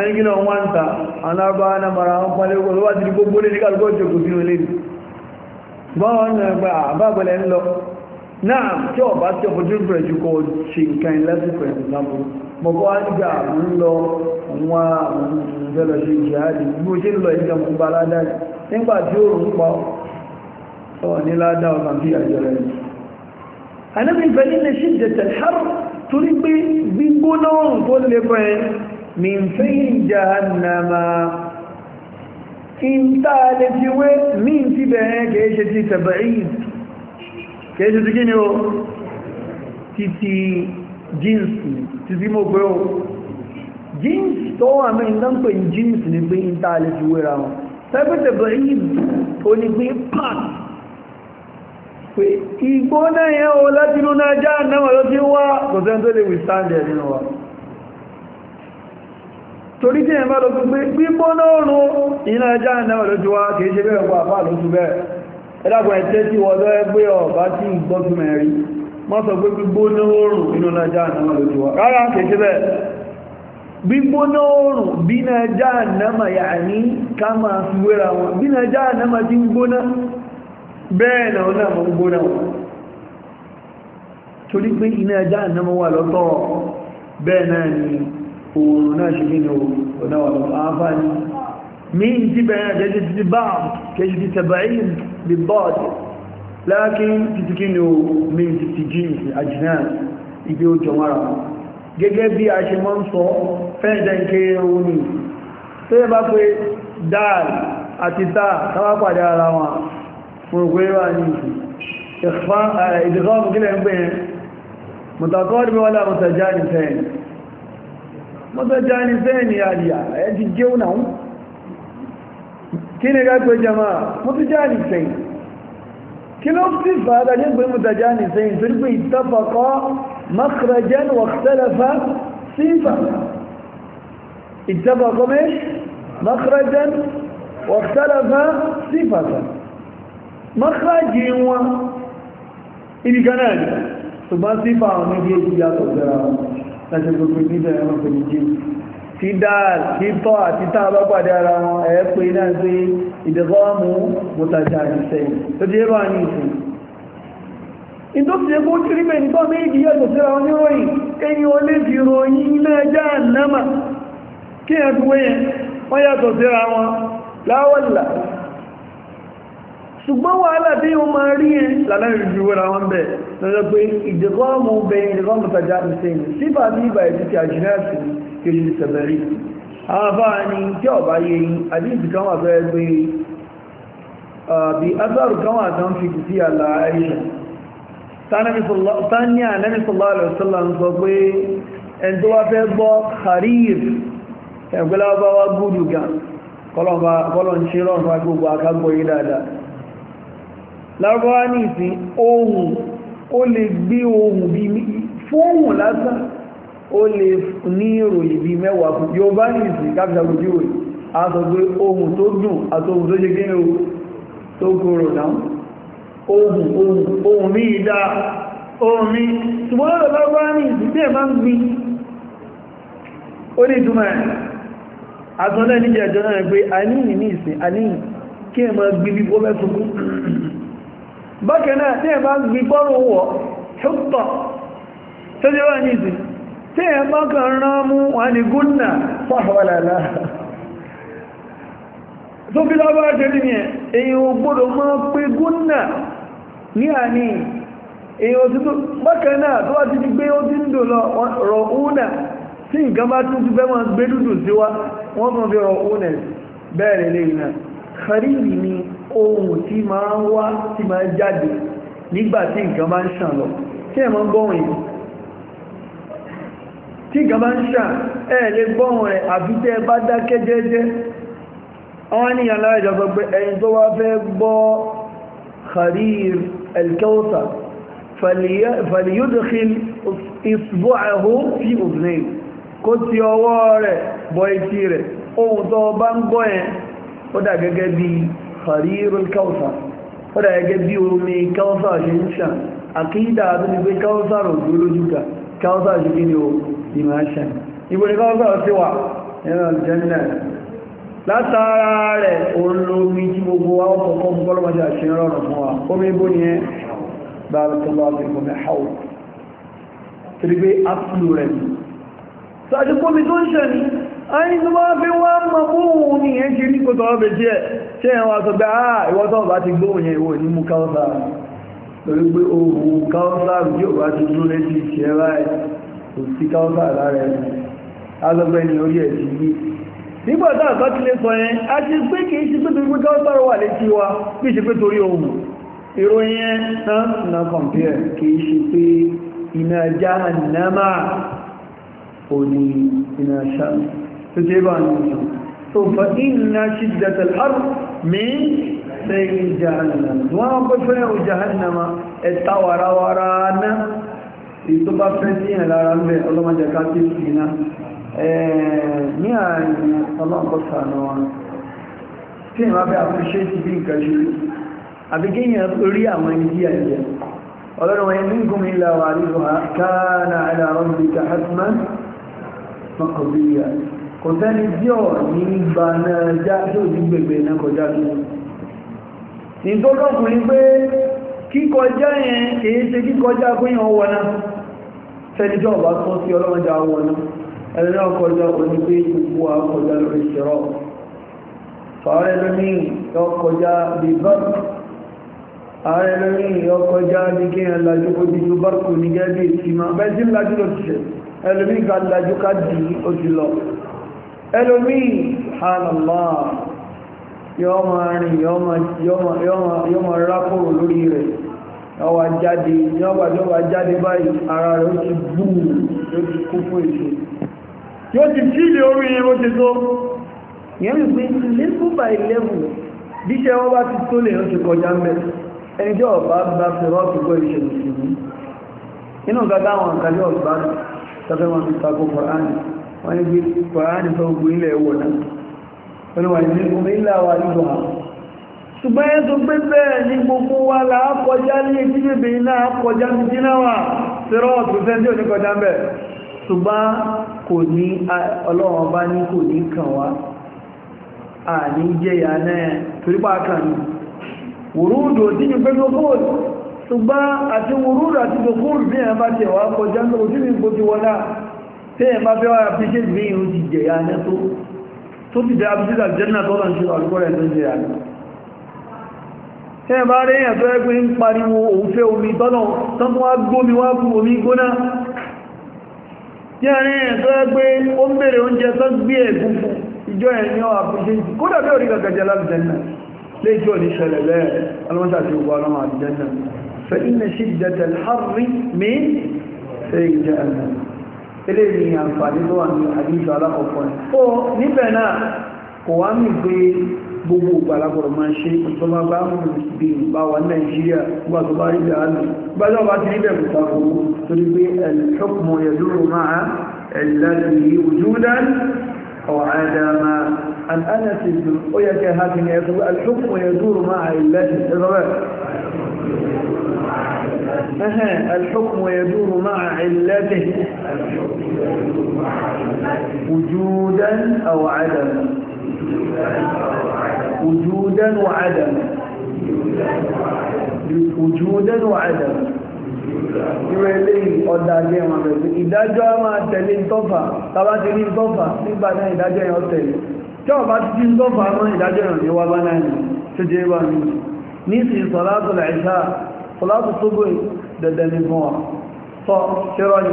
[SPEAKER 1] ẹni wọ́n ta alábá mara wọn pàlẹ́ ogun lọ́wọ́ ti di gbogbo lé ní kálùkọ́ ìjọkùn sínú lé náà tí ọba tí opportunity rẹ̀ ju kọ ṣe nǹkan lásìkò ìsìnlábò mọ̀kọ́ àjà ń lọ wọn àwọn ìrìnlẹ̀ ṣe jihadi bí ó ṣe ń lọ ìjọ mú bá ládá nígbà tí ó rùn pa ọ̀ ní ládá ọ̀nà bí àjọ wé mi ń ti bẹ̀rẹ̀ ti tẹ̀bẹ̀ kẹ́ẹ̀ṣù ti gíní o títí jíǹsì títí mo pé o jíǹsì tó wà mẹ́ ìdánpẹ̀ jíǹsì ní pé ìtàlẹ̀ fi wéra wọn tẹ́bẹ̀tẹ̀bẹ̀ ìbù tó ní pé pàt pé igbó náà yẹn o láti inú náà já náà ló ti wá kò sẹ́n tó lè withstand ẹ̀ nínú wa torí tí ẹ̀ bá lọ pé gbígbóná ọ̀run ìnájá náà ló ti wá kìí ṣe bẹ́ẹ̀ ẹ̀dàgbà ẹ̀tẹ́ tí wọ́n lọ́ ẹgbẹ́ ọ̀bá tí ìgbọ́gbìmẹ̀ rí wọ́n sọ pé gbígbóná oòrùn inú nàíjá náà ló ti wà rárá kèké bẹ́ẹ̀ gbígbóná oòrùn bí nàíjá náà yà ní ká máa fi wéra wọn bí nàíjá náà ti ń gbóná bẹ́ẹ̀ مين دي بقى دي بعض كيجي تبعين بالضاد لكن تتكينوا من تتجين الأجناس يبيو جمرة gẹ́gẹ́ bí a ṣe mọ́ ń sọ fẹ́ẹ̀dẹ̀ nke ẹ̀rùn ní tó yẹ bá pé dáàlì àti táà tàbá pàdé ara wọn fòrògbé wà ní ìdìkọ́ọ̀mù kílẹ̀ ń pè mọ̀tàkọ́ọ̀dì mẹ́wàlá mọ̀tàjáni fẹ́ẹ̀ni mọ̀tàjáni fẹ́ẹ̀ni àdìyà ẹ̀ ti jẹun náà kí ni ká pé jama'a mọ́tíjáàni sẹ́yìn kí ló sì fàádà jẹ́ pé mọ́tíjáàni sẹ́yìn tó rí ittafaqa makhrajan wa ikhtalafa sífà اتفق مش مخرجا واختلف صفة مخرج هو إذا كان ثم صفة ومجيء إياه تجرى نجد في النساء في الجيل tí dáàl tí tọ́ àti tàà bá pàdé ara wọn ẹ̀ pé náà pé ìdẹ̀gọ́mù mọ́tàjà ìsẹ̀yìn tó jẹ́ bá ní ìsìn ìtò ti ẹgbó tí rí bẹ̀ nítọ́ méjì yàtọ̀ síra wọn níròyìn o lè fi ròyìn náà ṣùgbọ́n wàhálà tí yíò máa rí ẹ lànà ìrìnjú wẹ́ra wọn bẹ̀ lọ́jọ́ pé ìdẹ̀kọ́mù bẹ ìdẹ̀kọ́mù tàjá ìsẹ́yìn sífà ní ìbà ìdí ti àjínàṣì kejì sẹ̀bẹ̀rí àwọn afáà ni tí ọ̀bá yẹ yìí àdíjì kan wà fẹ́ pé bí asáàrù kan wà tán fi sí àlà àìṣà tání ànẹ́bí bá wá gúdù gan kọlọ̀ lárúbáwá ní ìsìn ohun ó lè gbé ohun bí fóòhùn lásán ó lè ní ìròyìn bí mẹ́wàá fún yóò bá ní ìsìn káfíà ojú rẹ̀ a sọ pé ohun tó dùn àti ohun tó jẹ́ kí ní tó kúrò náà ohun ohun ohun mí ìdá ohun mí ṣùgbọ́n lọ́dọ̀ lárúbáwá ní ìsìn tí ẹ̀ máa ń gbin ó ní ìtumọ̀ ẹ̀ àtúnlẹ̀ níjẹ̀ ìjọ náà pé a ní ìsìn a ní kí ẹ̀ máa gbin bí bó mẹ́sùn bákanáà tí ẹ bá gbí bọ́rùn wọ̀ ṣùtọ̀ tó jẹ́ wà ní ìsìn tí ẹ bá kàn rán mú wà ní gúnnà fàwàlàlá tó bí lábára jẹ́ ní ẹ̀ èyí ò gbọ́dọ̀ máa pé gúnnà ní àní èyí ò bákanáà tó wá ti ohun tí máa ń wá tí máa ń jáde nígbà tí nǹkan bá ń ṣàn lọ tí ẹ̀mọ́ gbọ́hùn yìí tí nǹkan bá ń ṣàn ẹ̀ lè gbọ́hùn rẹ̀ àbí bá dákẹ́ jẹ́jẹ́ àwọn ènìyàn lára ìjọba tó wá fẹ́ gbọ́ في أذنيه kó ti ọwọ́ rẹ̀ bọ etí rẹ̀ ó dà gẹ́gẹ́ bíi kharirul kawthar ó dà gẹ́gẹ́ bí omi kawthar ṣe ń ṣàn àkídà tó ní pé kawthar òjò lójúkà kawthar ṣe kí ni o ìmọ̀ ṣàn ìgbò ní kawthar sí wà nínú aljanna látara rẹ̀ òun lómi tí gbogbo wa ó kọ̀kọ́ fún kọ́lọ́mọdé àṣẹ rọrùn fún wa omi bó ni ẹ bá tó bá fi kọ́mẹ́ hàwù torí pé ápùlù rẹ̀ sáájú pómi tó ń ṣàn ni ẹni tó máa fi wá mọ̀ fóòun ní ẹ̀ ṣe ní kò tọ́wọ́ bẹ̀ jẹ́ ṣe ẹ̀ wà sọ pé àà ah, ìwọ́tọ̀ bá ti gbóhùn yẹn ìwò ní mú káọ́sà lórí pé ohun káọ́sà tí ó bá ti dúró létí ìṣẹ́ ráì kò sí káọ́sà lára ẹ̀ azọ́gbẹ́ ni orí ẹ̀ ti yí nígbà tá àkọ́ ti lè sọ yẹn a ti pé kìí ṣe pé torí pé káọ́sà wà létí wa bí ṣe pé torí ohun ìròyìn ẹ̀ náà na kọ̀m̀pẹ́ kìí ṣe pé iná jahannama òní iná ṣáà tó ṣe bá ní ìṣàn tó fa iná ṣídàtà al'arù min sẹ́yìn jahannama wọ́n pẹ́ fẹ́ o jahannama ẹ̀ta warawara ná èyí tó bá fẹ́ sí ẹ̀lára ń bẹ ọlọ́mọdẹ̀ká tí ó sì ná ní àárín ọlọ́pọ̀sánà wọn tí ìwọ́n bẹ́ àfúnṣe ti bí nǹkan ṣe àbíkíyàn orí àwọn ìdí àìyẹ ọlọ́rọ̀ wọn ní gúnmí láwàá nílùú àkáà náà àdàrọ̀ kò sẹ́ni tí ọ̀ ní gba náà já tí ò ní gbègbè náà kọjá tó ní tó kọ́kùn ní pé kíkọjá yẹn kìí ṣe kíkọjá fún yàn wọ náà sẹ́ni tí ọba tó sí ọlọ́mọdé àwọn náà ẹni náà kọjá òní pé gbogbo àkọjá lórí ṣẹ̀rọ ẹlòmíì subhanallah yọ́ máa rìn yọ́ máa rákòrò lórí rẹ̀ ọwà jáde yọ́gbàjọ́gbà jáde báyìí ara rẹ̀ ó ti búù ló ti kú fún èṣe yóò ti fílì orí irun ti tó yẹ́n pé level by level bí iṣẹ́ wọ́n bá ti tó lè ó ti kọjá mẹ́ ẹni tí ọ̀bá bá fi rọ́ọ̀tù wọ́n ní bí kòránì sọ gbogbo ilẹ̀ ẹ̀wọ̀ náà olùwà ní omi ilẹ̀ àwà nígbà ṣùgbọ́n ẹ́ tó gbé bẹ́ẹ̀ ní gbogbo wa là á kọjá ní etí bèbè náà kọjá ní dínà wà sẹ́rọ̀ ọ̀tún fẹ́ tí ò ní kọjá ń bẹ̀ ṣùgbọ́n kò ní ọlọ́run bá ní kò ní kàn wá àní jẹ́yà náà torípa kàn ní wòrúdò tí pé gbogbo ṣùgbọ́n àti wòrúdò àti gbogbo bí ẹ̀ bá tẹ̀wá kọjá ní òjú ní gbogbo wọlá tí ẹ máa fẹ́ wá àpíṣẹ́ ìgbé ìhò ti jẹ̀ ya ní tó tó ti jẹ́ àpíṣẹ́ àjẹ́nà tó lọ ń ṣe àlùkọ́rẹ̀ tó jẹ́ àná tí ẹ bá rí èyàn tó ẹgbẹ́ ń pariwo òun fẹ́ omi tọ́nà tán tó wá gómi wá bú omi gbóná tí ẹ rí èyàn tó ẹgbẹ́ ó ń bèèrè oúnjẹ tán gbé ẹ̀gún fún tẹ́lé ní àǹfààní ló wà ní àdíjọ alákọ̀ọ́kọ́ ẹ̀ ó níbẹ̀ náà kò wá mì pé gbogbo ìgbàlagbọ̀rọ̀ máa ṣe ìtọ́lá bá mú bí bá wà nàìjíríà gbà tó bá rí bí àánú bá lọ́wọ́ ti rí bẹ̀rù ta owó torí pé ẹ̀lẹ́kùnmọ̀ yẹ̀dúró máa ẹ̀lẹ́lẹ́lẹ́ wujudan وعدما أن أنس ويك هكذا يقول الحكم يدور مع الذي الحكم يدور مع علته وجودا أو عدما وجودا وعدما وجودا وعدما ìwé eléyìí ọ̀dà àgbẹ̀ wọn rẹ̀ ìdájọ́ a máa tẹ̀lé ìtọ́fà tàbá ti rí ìtọ́fà nígbà náà ìdájọ́ yẹn tẹ̀lé tí ó bá ti rí ìtọ́fà mọ́ ìdájọ́ yẹn ní wá bá náà ní tó jẹ́ wà ní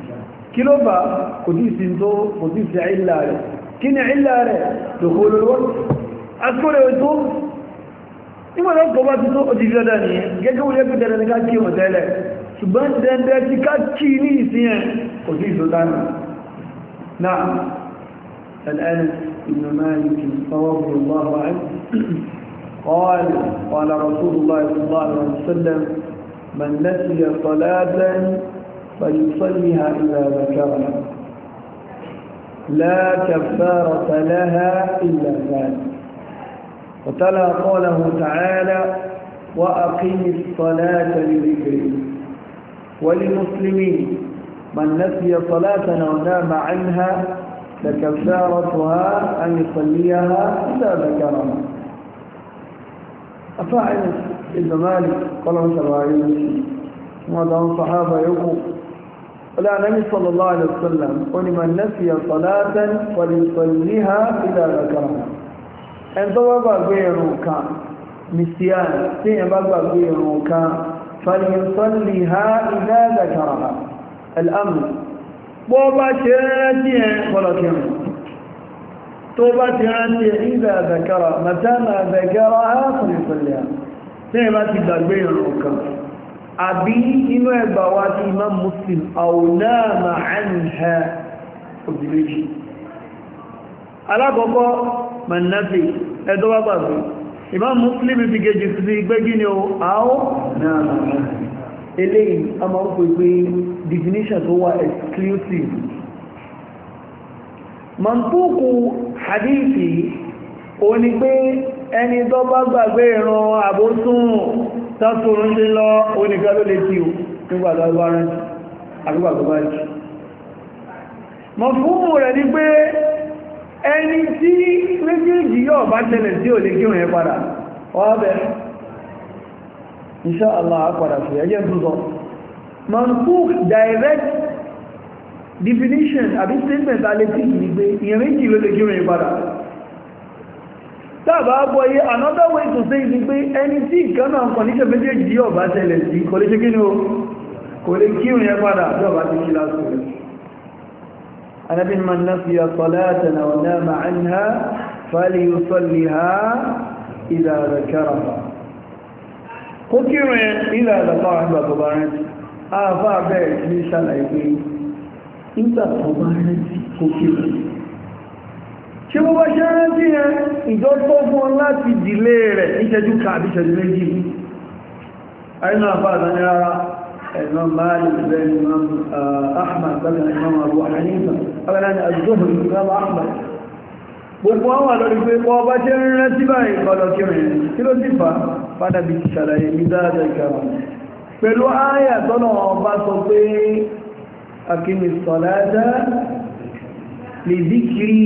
[SPEAKER 1] kí ló bá kò tí sí tó kò tí sí àìlà rẹ̀ kí ni àìlà rẹ̀ tó kó lọ́wọ́ aṣíkòrò tó nígbàtà kọ bá ti tó ò ti fi lọ́dá nìyẹn gẹ́gẹ́ wọ́n lẹ́gbẹ̀ẹ́ tẹ́lẹ̀ ká kí wọ́n tẹ́lẹ̀ ṣùgbọ́n dẹ́ndẹ́ ti ká kí ní ìsinyẹn رضي الله عنه قال قال رسول الله صلى الله عليه وسلم من نسي صلاة فيصليها إلا ذكرها لا كفارة لها إلا ذلك وتلا قوله تعالى وأقم الصلاة لذكري ولمسلمين من نسي صلاتنا ونام عنها لكفارتها أن يصليها إلا ذكرها أفاعل ابن مالك قال الله تعالى وضع صحابة يقول قال النبي صلى الله عليه وسلم ولمن نسي صلاة فليصليها إذا ذكرها أن ضرب غيرك نسيان في ضرب غيرك فليصليها إذا ذكرها الأمر بابا شيرتي ولكن توبة شيرتي إذا ذكرها متى ما ذكرها فليصليها في ما تقدر غيرك àbí inú ẹgbà wá tí imam muslim àwòláàmà àníhà òbìlẹ́jì alákọ̀ọ́kọ́ mannafi ẹ̀dọ́ wá gbàgbé imam muslim fi gẹ́jì sí gbẹ́gí ni ó àwọ́ náà eléyìn a máa ń pè pé definition tó wà exclusive mọ̀túkù hadithi ó ní pé ẹni tó bá gbàgbé ìran àbótún tọ́tù oúnjẹ lọ oníkà ló lè tí o mọ̀ fún rẹ̀ ní pé ẹni tí méjèèjì yóò bá tẹ́lẹ̀ tí ò lè kí òun padà padà sí ẹjẹ́ tuntun direct definition àbí statement alẹ́ tí lè kí òun padà tàbá bọ́ yé another way to say ni pé ẹni tí ìkan náà kọ̀níṣẹ́ méjèèjì yóò bá tẹ́lẹ̀ sí kò lè ṣe kí ni o kò lè kí òun yẹ padà bí ọba ti kí lásìkò rẹ̀ anábí ma ná fi salatana wa nama anha falyusalliha idha dhakaraha kó kírun ẹ ilẹ̀ àdàkọ́ àgbà tó bá rántí àfáà ṣe bó bá ṣe rántí yẹn ìjọ tó fún láti dìlé rẹ̀ níṣẹ́jú kàbí ṣẹ́jú méjì àìnà àfáàdà ní rárá ẹ̀nà Malik bẹ́ẹ̀ ni Imam Ahmad bẹ́ẹ̀ ni Imam Abu Hanifa bẹ́ẹ̀ ni Az-Zuhri Imam Ahmad gbogbo àwọn àlọ́rí pé wọ́n bá jẹ́ rẹ̀ sí báyìí kọlọ kírin kí ló sì fà padà bí ṣàlàyé ní dáadáa ìkàwà pẹ̀lú ááyà tọ́nà ọba sọ pé akíní sọ̀lájá lèdíkiri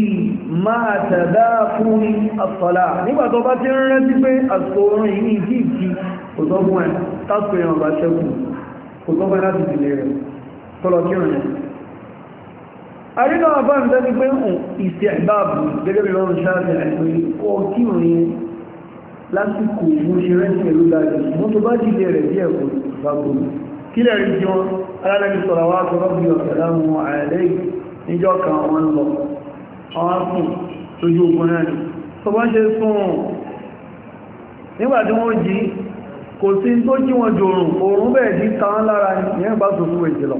[SPEAKER 1] máa tàdá fún àtọ́lá nígbà tó bá ti ń rántí pé àsìkò orin yìí ní ìdí ìdí òtọ́gbọ́n ẹ̀ tásìkò ìrìn ọ̀bá ṣẹ́kù òtọ́gbọ́n láti ìdílé rẹ̀ tọ́lọ kí rìn àrínà àbá ń tẹ́lú pé ìsẹ̀ ìbáàbù gẹ́gẹ́ bí lọ́rùn ṣáàtì àìsàn ìkọ́ níjọ́ kan wọ́n ń lọ wọ́n sùn lójú ogun náà ni tó bá ṣe sùn nígbàtí wọ́n jí kò sí tó jí wọn jòrùn oòrùn bẹ̀ẹ̀ jí tán lára ní ẹgbà tó súnwẹ̀ jì lọ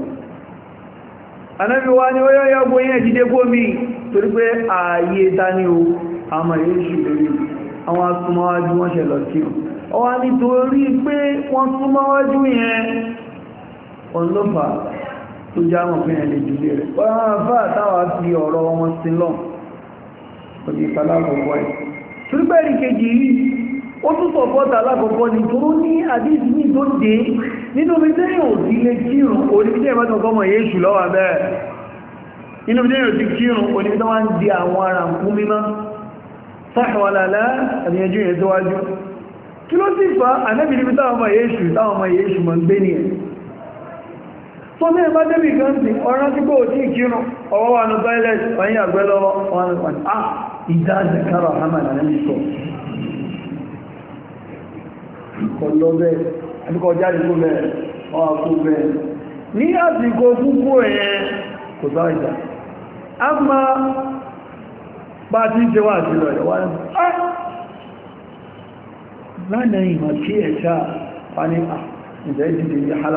[SPEAKER 1] anábi wá ní ọyọ́ yọ́gbó yẹn jíde gómi torí pé ààyè o àmọ̀ èyí ṣùgbẹ̀rẹ̀ àwọn asúnmọ́wájú wọ́n ṣe lọ yẹn ọlọ́pàá tó já mọ̀ fún ẹ̀lẹ̀ ìdílé rẹ̀ wọ́n fà táwà fi ọ̀rọ̀ wọn sí lọ òjì ìpàlákọ̀ọ́kọ́ ẹ̀ torípẹ́rì kejì yìí ó tún sọ̀pọ́ta alákọ̀ọ́kọ́ ni tó ní àdíjì ní tó dé nínú bí tẹ́yìn ò sí lè kírun oníbíjẹ́ ìbátọ̀kọ́mọ̀ yéṣù lọ́wà bẹ́ẹ̀ nínú bí tẹ́yìn ò sí kírun oníbíjẹ́ wá ń di àwọn ara ń kú mímọ́ sáàwàlálá kí tó ní ẹ̀bá débì gan sí ọ̀rán tí kò tí ìkírùn ọwọ́ wà ní toilet ọ̀yìn àgbẹ́ lọ́wọ́ wọn wọn ah, à ìdájẹ̀ kára hamada ní sọ kọ lọ bẹ́ẹ̀ àbíkọ a ma lọ ah! ìmọ̀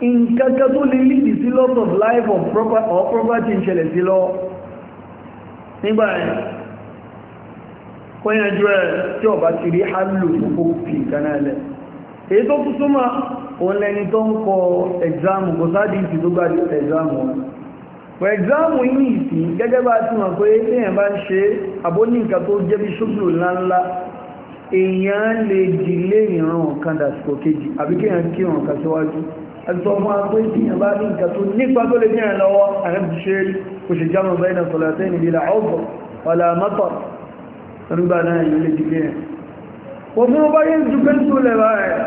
[SPEAKER 1] nǹkan kan tó lè lead sí loss life of proper, or property ń ṣẹlẹ̀ sí lọ nígbà ẹ̀ kọ́yànjú ẹ̀ tí ọba ti rí púpọ̀ fi èyí tó tún súnmọ́ òun lẹni tó ń kọ ẹ̀gzáàmù kò sáàdì ìsì tó gbájú ẹ̀gzáàmù wọn pẹ̀ ẹ̀gzáàmù yìí ìsì gẹ́gẹ́ bá ti mọ̀ pé èèyàn bá ń ṣe àbó ní ẹ̀sọ́ fún agbó ìdíyàn bá ní nǹkan tó nípa tó lè díyàn lọ́wọ́ àrẹ́bùṣe kò ṣe jámọ̀ bẹ́ẹ̀nà sọ̀lọ̀tẹ́ ìbílà ọ̀bọ̀ ọ̀làmọ́tọ̀ nígbà náà yìí lè dìlé ẹ̀ òfin ọba yẹ́ jùpẹ́ tó lẹ̀ báyẹ̀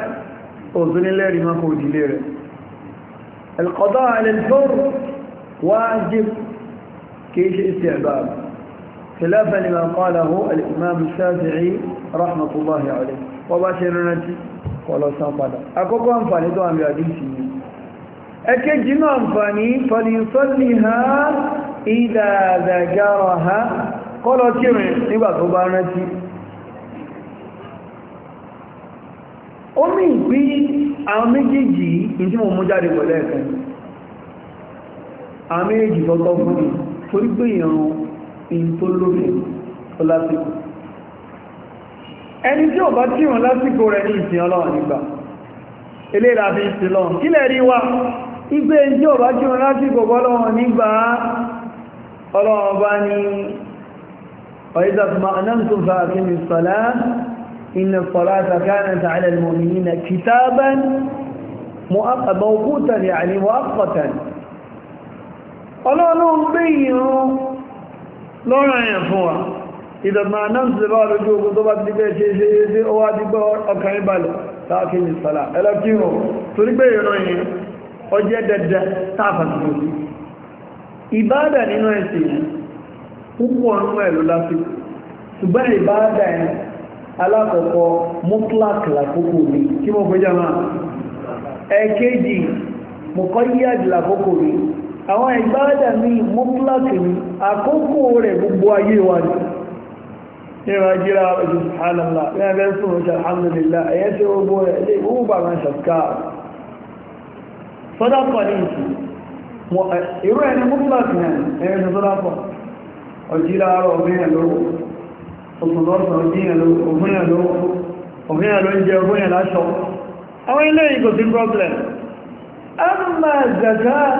[SPEAKER 1] òfin lẹ́rìí mọ́ kò dìlé rẹ̀ ẹ̀kọ́dọ́ àlẹ́fọ́rù wájib kìí ṣe ìsẹ̀bàb خلافا لما قاله الإمام الشافعي رحمة الله عليه وباشر نتي kọlọ̀sán padà àkọ́kọ́ àǹfààní tó àmì àdíṣì ni ẹkẹ́jì náà àǹfààní fọlìsọ́lì ha ìdàdàjára ha kọlọ̀ kírìn nígbà tó bá rántí ó ní ìpí àwọn méjèèjì ìtí mo mú jáde pẹ̀lú ẹ̀kan àwọn méjèèjì tọ́tọ́ fún mi torí pé ìrùn ìntólófin ọlásìkò ẹni tí ò bá tí wọn lásìkò rẹ̀ ní ìsìn ọlọ́run nígbà eléra fi ń sin lọ́run kílẹ̀ rí wa igbe ẹni tí ò bá tí wọn lásìkò bọ́lọ́run nígbà ọlọ́run bá ní ọ̀yẹ́dà ma'anántún fàáfin ìsọ̀lá inna ìdọ̀mà náà ti bá lójú ogun tó bá ti gbé ṣe ṣe ṣe ó wá ti gbọ́ ọkàn ìbàlẹ̀ láàkí ìsàlá ẹlọ́kírùn torí pé ìran yìí ọjẹ́ dẹ̀dẹ̀ tààfàtìkò ìbádà nínú ẹ̀sìn púpọ̀ nínú ẹ̀lú lásìkò ṣùgbọ́n ìbádà ẹ̀ alákọ̀ọ́kọ́ mutlak lákòókò mi kí mo fẹ́jà máa ẹ̀kejì muqayyad lákòókò mi àwọn ìbádà mi mutlak mi àkókò rẹ̀ gbogbo ayé wa ni yawa jira wa ji subhanallah ya ga su wuce alhamdulillah ya ce wa oh, boye ya ce mu ba ma shakka sadaqa ne shi mu iru ne mutlaq ne ya ce sadaqa o jira wa ne lo o so do so ni lo o ne lo o ne lo je o ne la so àwọn ilé ìgò sí problem amma zakat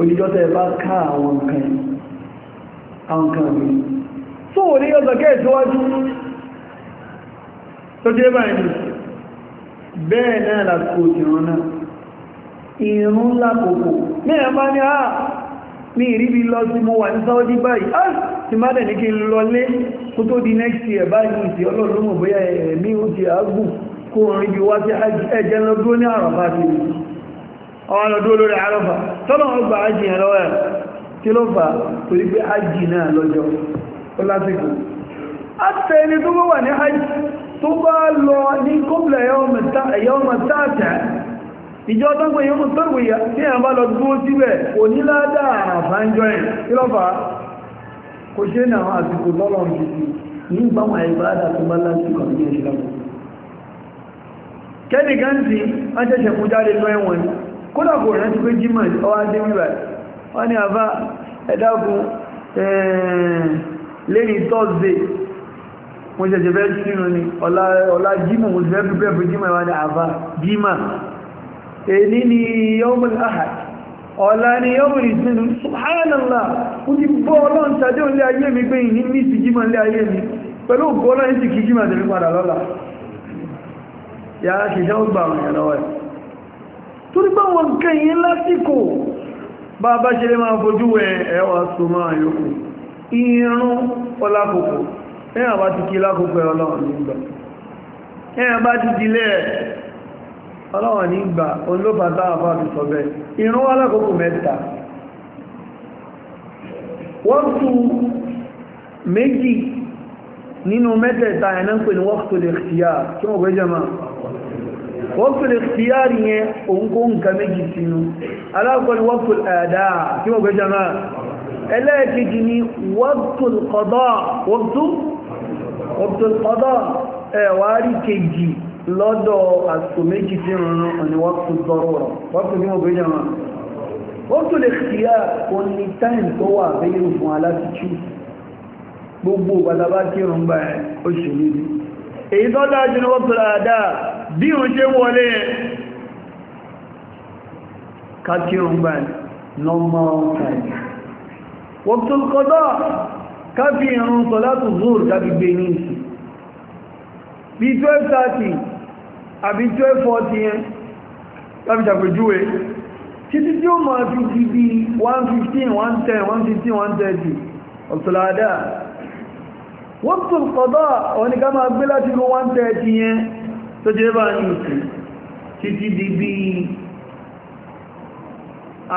[SPEAKER 1] òjíjọ́ tẹ́ bá ká àwọn nǹkan àwọn nǹkan rí tó wò ní ọ̀sọ̀kẹ́ ìtíwájú tó jẹ́ báyìí bẹ́ẹ̀ náà lásìkò ìrún náà ìrún lákòókò ní ẹ̀má ní àà ní ìrírí lọ sí mo wà ní Saudi báyìí ah ti má dẹ̀ ní kí n lọlé kó di next year báyìí ìsì ọlọ́lọ́mọ̀ bóyá ẹ̀mí ó ti àágùn kó rìn bí wá ọwọ́n lọ dúró lórí àárọ́fà tọ́nà ọgbà ájì yẹn lọ́wọ́ ẹ̀ kí ló fà torí pé ájì náà lọ́jọ́ ó lásìkò àtẹ́ ẹni tó wà ní ájì tó bá lọ ní kọ́bùlẹ̀ ẹ̀yọ́mọ̀ táàtà ìjọ tọ́gbẹ̀ yóò tọ́gbẹ̀ yà tí a bá lọ dúró síbẹ̀ kò ní ládá àràfà ń jọ ẹ̀ kí kẹ́nìkan sí wọ́n ṣẹ̀ṣẹ̀ mú jáde lọ ẹ̀wọ̀n kódà kò rántí pé jímọ̀ ọwá dé wíwà wọ́n ni àbá ẹ̀dàkùn eh, lẹ́yìn tọ́sdẹ̀ mo ṣẹ̀ṣẹ̀ fẹ́ sínú ni ọ̀la jímọ̀ mo ṣẹ̀ṣẹ̀ pípẹ́ fún jímọ̀ ìwádìí àbá jímọ̀ èní ni yọ́mùn ahad ọ̀la ni yọ́mùn ìsinú subhanallah mo ti bọ́ ọlọ́run tàbí òun lé ayé mi pé ìní ní ti jímọ̀ lé ayé mi pẹ̀lú ògbó ọlọ́run sì kí jímọ̀ tẹ̀mí padà lọ́la yàrá ṣiṣẹ́ ó gbà àwọn ìyàlọ́wọ́ ẹ̀ torí bá wọn nǹkan yìí lásìkò bá bá ṣe lè máa fojú ẹwà so máa yóò irun ọlákòókò ẹ̀yà bá ti kí lákòókò ọlọ́run nígbà ẹ̀yà bá ti dílé ọlọ́run nígbà olóbàtà àfáàbì sọ bẹ́ irun ọlákòókò mẹ́ta wọ́n tún méjì nínú wọ́pù lè tíyàrí yẹn òun kó nǹkan méjì sínú alákọ̀ọ́lù wọ́pù àdá tí wọ́n gbẹ́jọ náà ẹlẹ́ẹ̀kejì ni wọ́pù kọ̀dọ̀ wọ́pù kọ̀dọ̀ ẹ̀wárí kejì lọ́dọ̀ àsò méjì tí rọrùn ni wọ́pù dọ̀rọ̀rọ̀ wọ́pù ní wọ́n gbẹ́jọ náà wọ́pù lè tíyàrí òun ni táìmù tó èyí tó dájú ni wọ́pù àdáà bí o ṣe wọlé ẹ̀ kákírùn gbà nọ́mọ́ ọ̀tàrí wọ́pùtún kọ́dọ̀ káfí ìrun sọ̀látù zúrù káfí gbé ní ìsì bí 12:30 àbí 12:40 yẹn káfí títí tí ó máa fi ti bí 115 110 115 130 ọ̀tọ̀láàdá wọ́pùtún kọ́dọ̀ ọ̀ní ká máa gbé láti 130 yẹn tó jẹ́ bá ní ìsì títí di bí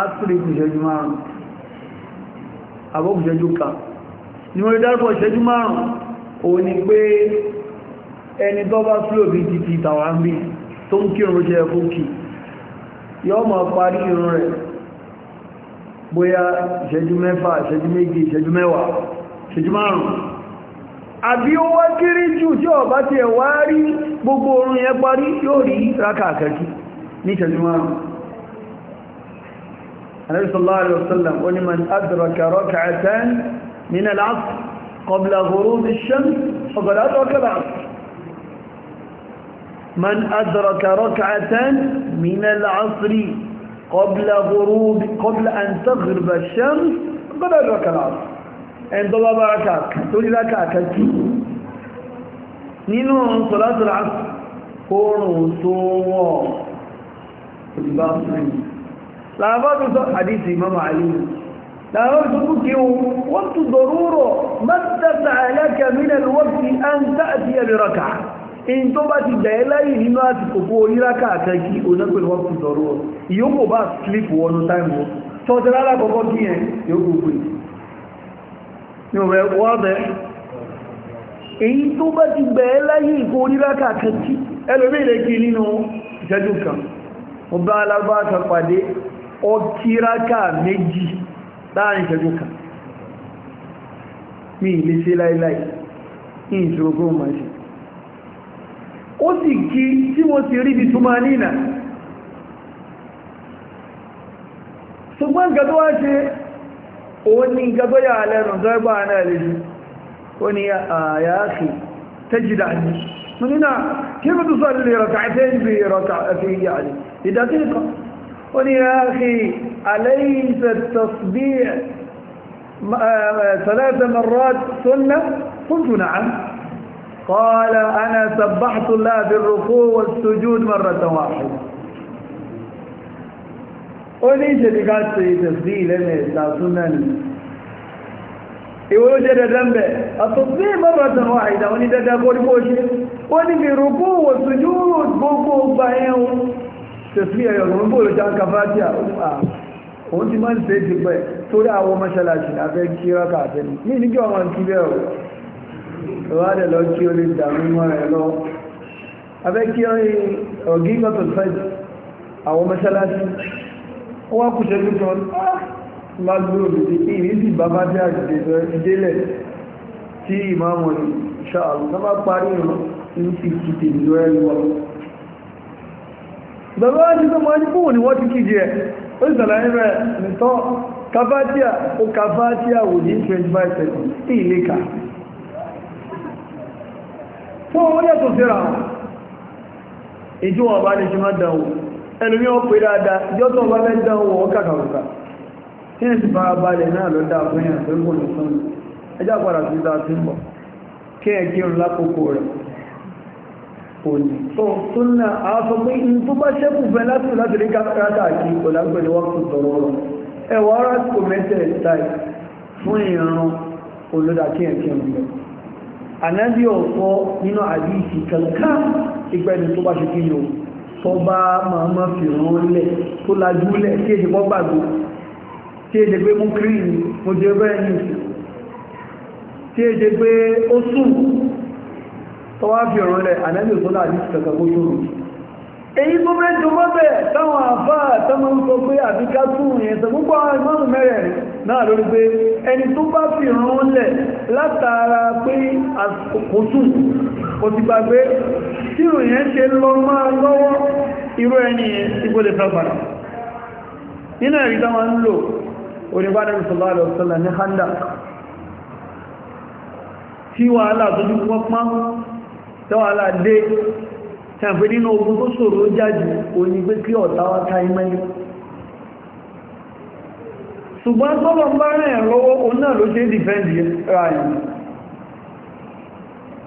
[SPEAKER 1] áfírí kùsẹ̀jú márùn àbọ́ kùsẹ̀jú ká ní wọ́n dárúkọ ìṣẹ́jú márùn o ni pé ẹni tó bá fílò bí títí tàwà ń bí tó ń kí òun jẹ́ fókì yọ́ mọ̀ parí irun rẹ̀ bóyá ìṣẹ́jú mẹ́fà ìṣẹ́jú méje ìṣẹ́jú mẹ́wàá ìṣẹ́jú márùn àbí ó wá kéré jù tí ó ti ẹ̀ rí gbogbo orin yẹ parí yóò rí raka kẹrì ní tẹ̀lúwà alẹ́sọ́lá alẹ́sọ́lá من أدرك ركعة من العصر قبل غروب قبل أن تغرب الشمس قبل ركعة العصر عند الله ركعة تقول ركعة كالكين nínú sọ̀látọ̀lá kóòrùn tó wọ̀ òdìbá fún láàbọ́dún sọ àdísì mọ́mọ̀ àlìyàn láàbọ́dún tó kí wọ́n tó dọ̀rúrọ̀ mẹ́tẹ̀ta àlẹ́kẹ̀ mílẹ̀ wọ́pí án tààtì ẹ̀lẹ́rọ̀kà in tó bá ti bẹ̀ẹ́ láyìí nínú àti kòkó orírákà àtẹ́kí onápẹ̀lú wọ́n tó dọ̀rúrọ̀ ìyókò bá èyí tó bá ti bẹ̀ẹ́ láyé ìkó oníraka kàtí ẹlòmí ilẹ̀ kí nínú ìṣẹ́jú kan mo bá alábáta pàdé ọkíraka méjì láàrin ìṣẹ́jú kan mi ilé ṣe láìláì ní ìṣòro kó máa ṣe ó sì kí tí rí tó máa nínà ṣùgbọ́n tó wá ṣe òun وني يا أخي تجد عني من هنا كيف تصلي ركعتين في ركعة في يعني في دقيقة وني يا أخي أليس التصبيح آه، ثلاث مرات سنة قلت نعم قال أنا سبحت الله بالركوع والسجود مرة واحدة وليس لقد تسبيح لنا سنة ìwé ó jẹ́ dandan bẹ̀ àtúntí mọ́bàtàn wà ìdá wọn ní dandan kó ní bóṣe ó ní bí rúkú wò sójú gbogbo gba ẹ̀hún tẹ̀sí ẹ̀yọ̀ ló ń bò lójà ń kàfá tí àwọn ti máa ń ṣe é ti pẹ́ torí àwọn mọ́ṣáláṣí abẹ́ kí rákà àtẹnu ní níbi ọmọ ti bẹ́ẹ̀ o ìwádìí lọ kí o lè dàmú mọ́ ẹ lọ abẹ́ kí ọ̀gí gbọ́tọ̀ fẹ́ àwọn mọ́ṣáláṣí wọ́n kù ṣe má gbúrò lèdè kí ìrísì bàbá jẹ́ àjẹ́jọ ìdélẹ̀ tí bá parí ìrùn ní ti kìtì ìlú bàbá tó máa ní wọ́n ti kìjì ẹ̀ ó sì sàlàyé nìtọ́ kàfátíà ó kàfátíà wò ní 25 seconds tí ilé kà tó tí èsì fara balẹ̀ náà ló dáa fún èèyàn tó ń gùn lọ́sán ẹjá padà sí dáa sí ń bọ̀ kí ẹ kírun lákòókò rẹ̀ kò ní tó tó ná pé in tó bá ṣẹ́kù fẹ́ láti láti rí àti kò ẹwà ara kò mẹ́tẹ̀ táì kankan tó bá ṣe kí ni o tó bá máa máa fi rán tí è jẹ pé mú kírì ní mo jẹ bẹ́ẹ̀ ní ìsìn tí è jẹ pé ó sùn tó wá fi ọ̀rọ̀ rẹ̀ ànẹ́bì tó láàrín ìsìnkà kó tó rù èyí tó mẹ́jọ mọ́bẹ̀ táwọn àfá àtọ́mọ́ ń sọ pé àbíká tún yẹn tẹ púpọ̀ àwọn ìmọ́nù mẹ́rẹ̀ náà lórí pé ẹni tó bá fi ràn lẹ̀ látara pé àkókòsùn kò ti gbà pé tí ò yẹn ṣe lọ máa lọ́wọ́ irú ẹni ìgbòlè fẹ́ nínú ẹ̀rí táwọn ń lò onígbàdàn sallallahu alaihi wasallam ní Khandaq tí wàhálà tó ní wọ́n pán tẹ́wàhálà dé tẹ́m̀pé nínú ogun tó ṣòro jáde òní pé kí ọ̀tá wá ká imẹ́lú ṣùgbọ́n tọ́lọ ń bá rẹ̀ lọ́wọ́ òun náà ló ṣe dìfẹ́ndì ra yìí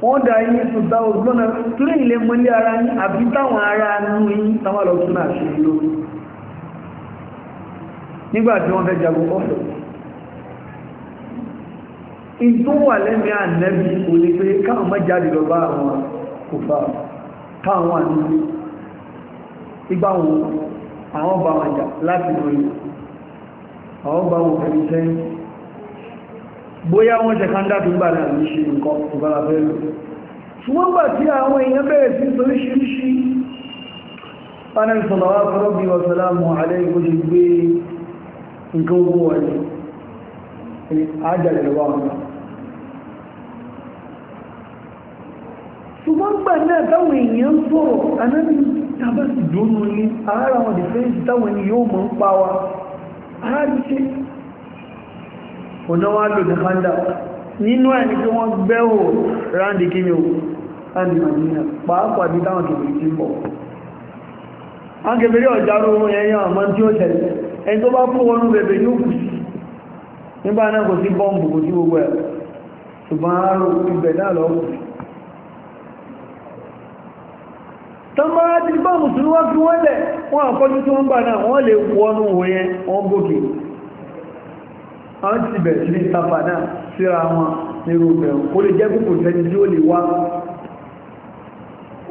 [SPEAKER 1] wọ́n dá yí ṣùgbá ògbọ́nà tó lè lè mọ́lé ara ní àbí ará nú yí táwọn lọ àṣírí lórí nígbàtí wọ́n fẹ́ jagun ọ̀dọ̀ ìtò wà lẹ́mí ànẹ́bí kò lè pé káwọn má jáde lọ bá àwọn kò fà káwọn àníwé ìgbà wọn àwọn bá wọn jà láti lórí àwọn bá wọn fẹ̀mí sẹ́yìn bóyá wọ́n ṣe káńdà tó gbà ní ṣe nǹkan ìbára fẹ́ mọ̀ àlẹ́ ìgbóṣe gbé nǹkan owó wọlé àájàlẹ̀ lọ́wọ́ àwọn ṣùgbọ́n gbà náà táwọn èèyàn sọ̀rọ̀ anábì tàbá sì dónú ní ara wọn dìfẹ́ǹsì táwọn ẹni yóò mọ̀ ń pa wa ara ti ṣe ọ̀nà wọn lò ní nínú ẹ̀ ní kí wọ́n gbẹ́wò ráńdì kí ni o ráńdì màdínà pàápàá bí táwọn kèbèrè ti ń bọ̀ àwọn kèbèrè ọ̀járó ẹ̀yàn àmọ́ tí ó tẹ̀lé ẹni tó bá kú wọnú bẹ̀bẹ̀ yóò kù sí nígbà náà kò sí bọ́m̀bù kò sí gbogbo ẹ̀ ṣùgbọ́n àárò ibẹ̀ náà lọ kù tọ́mọ́ bá mùsùlùmí wá fi wọ́n lẹ̀ wọ́n àkọ́jú tí wọ́n gbà náà wọ́n lè wọ́n gòkè ti bẹ̀rẹ̀ sí ní náà síra wọn kó lè jẹ́ tí ó lè wá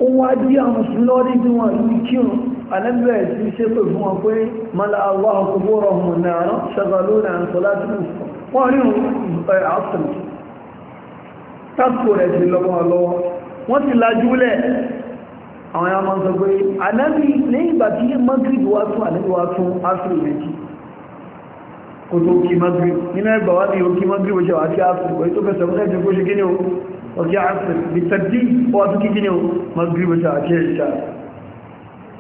[SPEAKER 1] ó wá dí àwọn wọ́n anẹ́bẹ̀ tí ṣe pè fún wọn pé mọ́lá àwọn ọkùnbọ̀rọ̀ ọmọ náà ṣagalú na ṣọlá tí wọ́n rí ọ̀sán tàbí rẹ̀ sí lọ́wọ́ lọ́wọ́ wọ́n ti lajúlẹ̀ àwọn ya máa ń sọ pé anẹ́bí lẹ́yìn ìgbà tí magrib wá tún anẹ́bí wá tún asiri méjì kò tó kí magrib nínú ẹgbà wá ní òkí magrib ṣe tó àti ẹ̀ṣẹ̀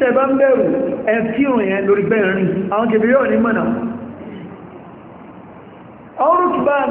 [SPEAKER 1] tẹ́bá ń bẹ̀rù ẹ̀fíhùn yẹn lórí bẹ́ẹ̀rin àwọn kèbèrè ò ní mọ̀nà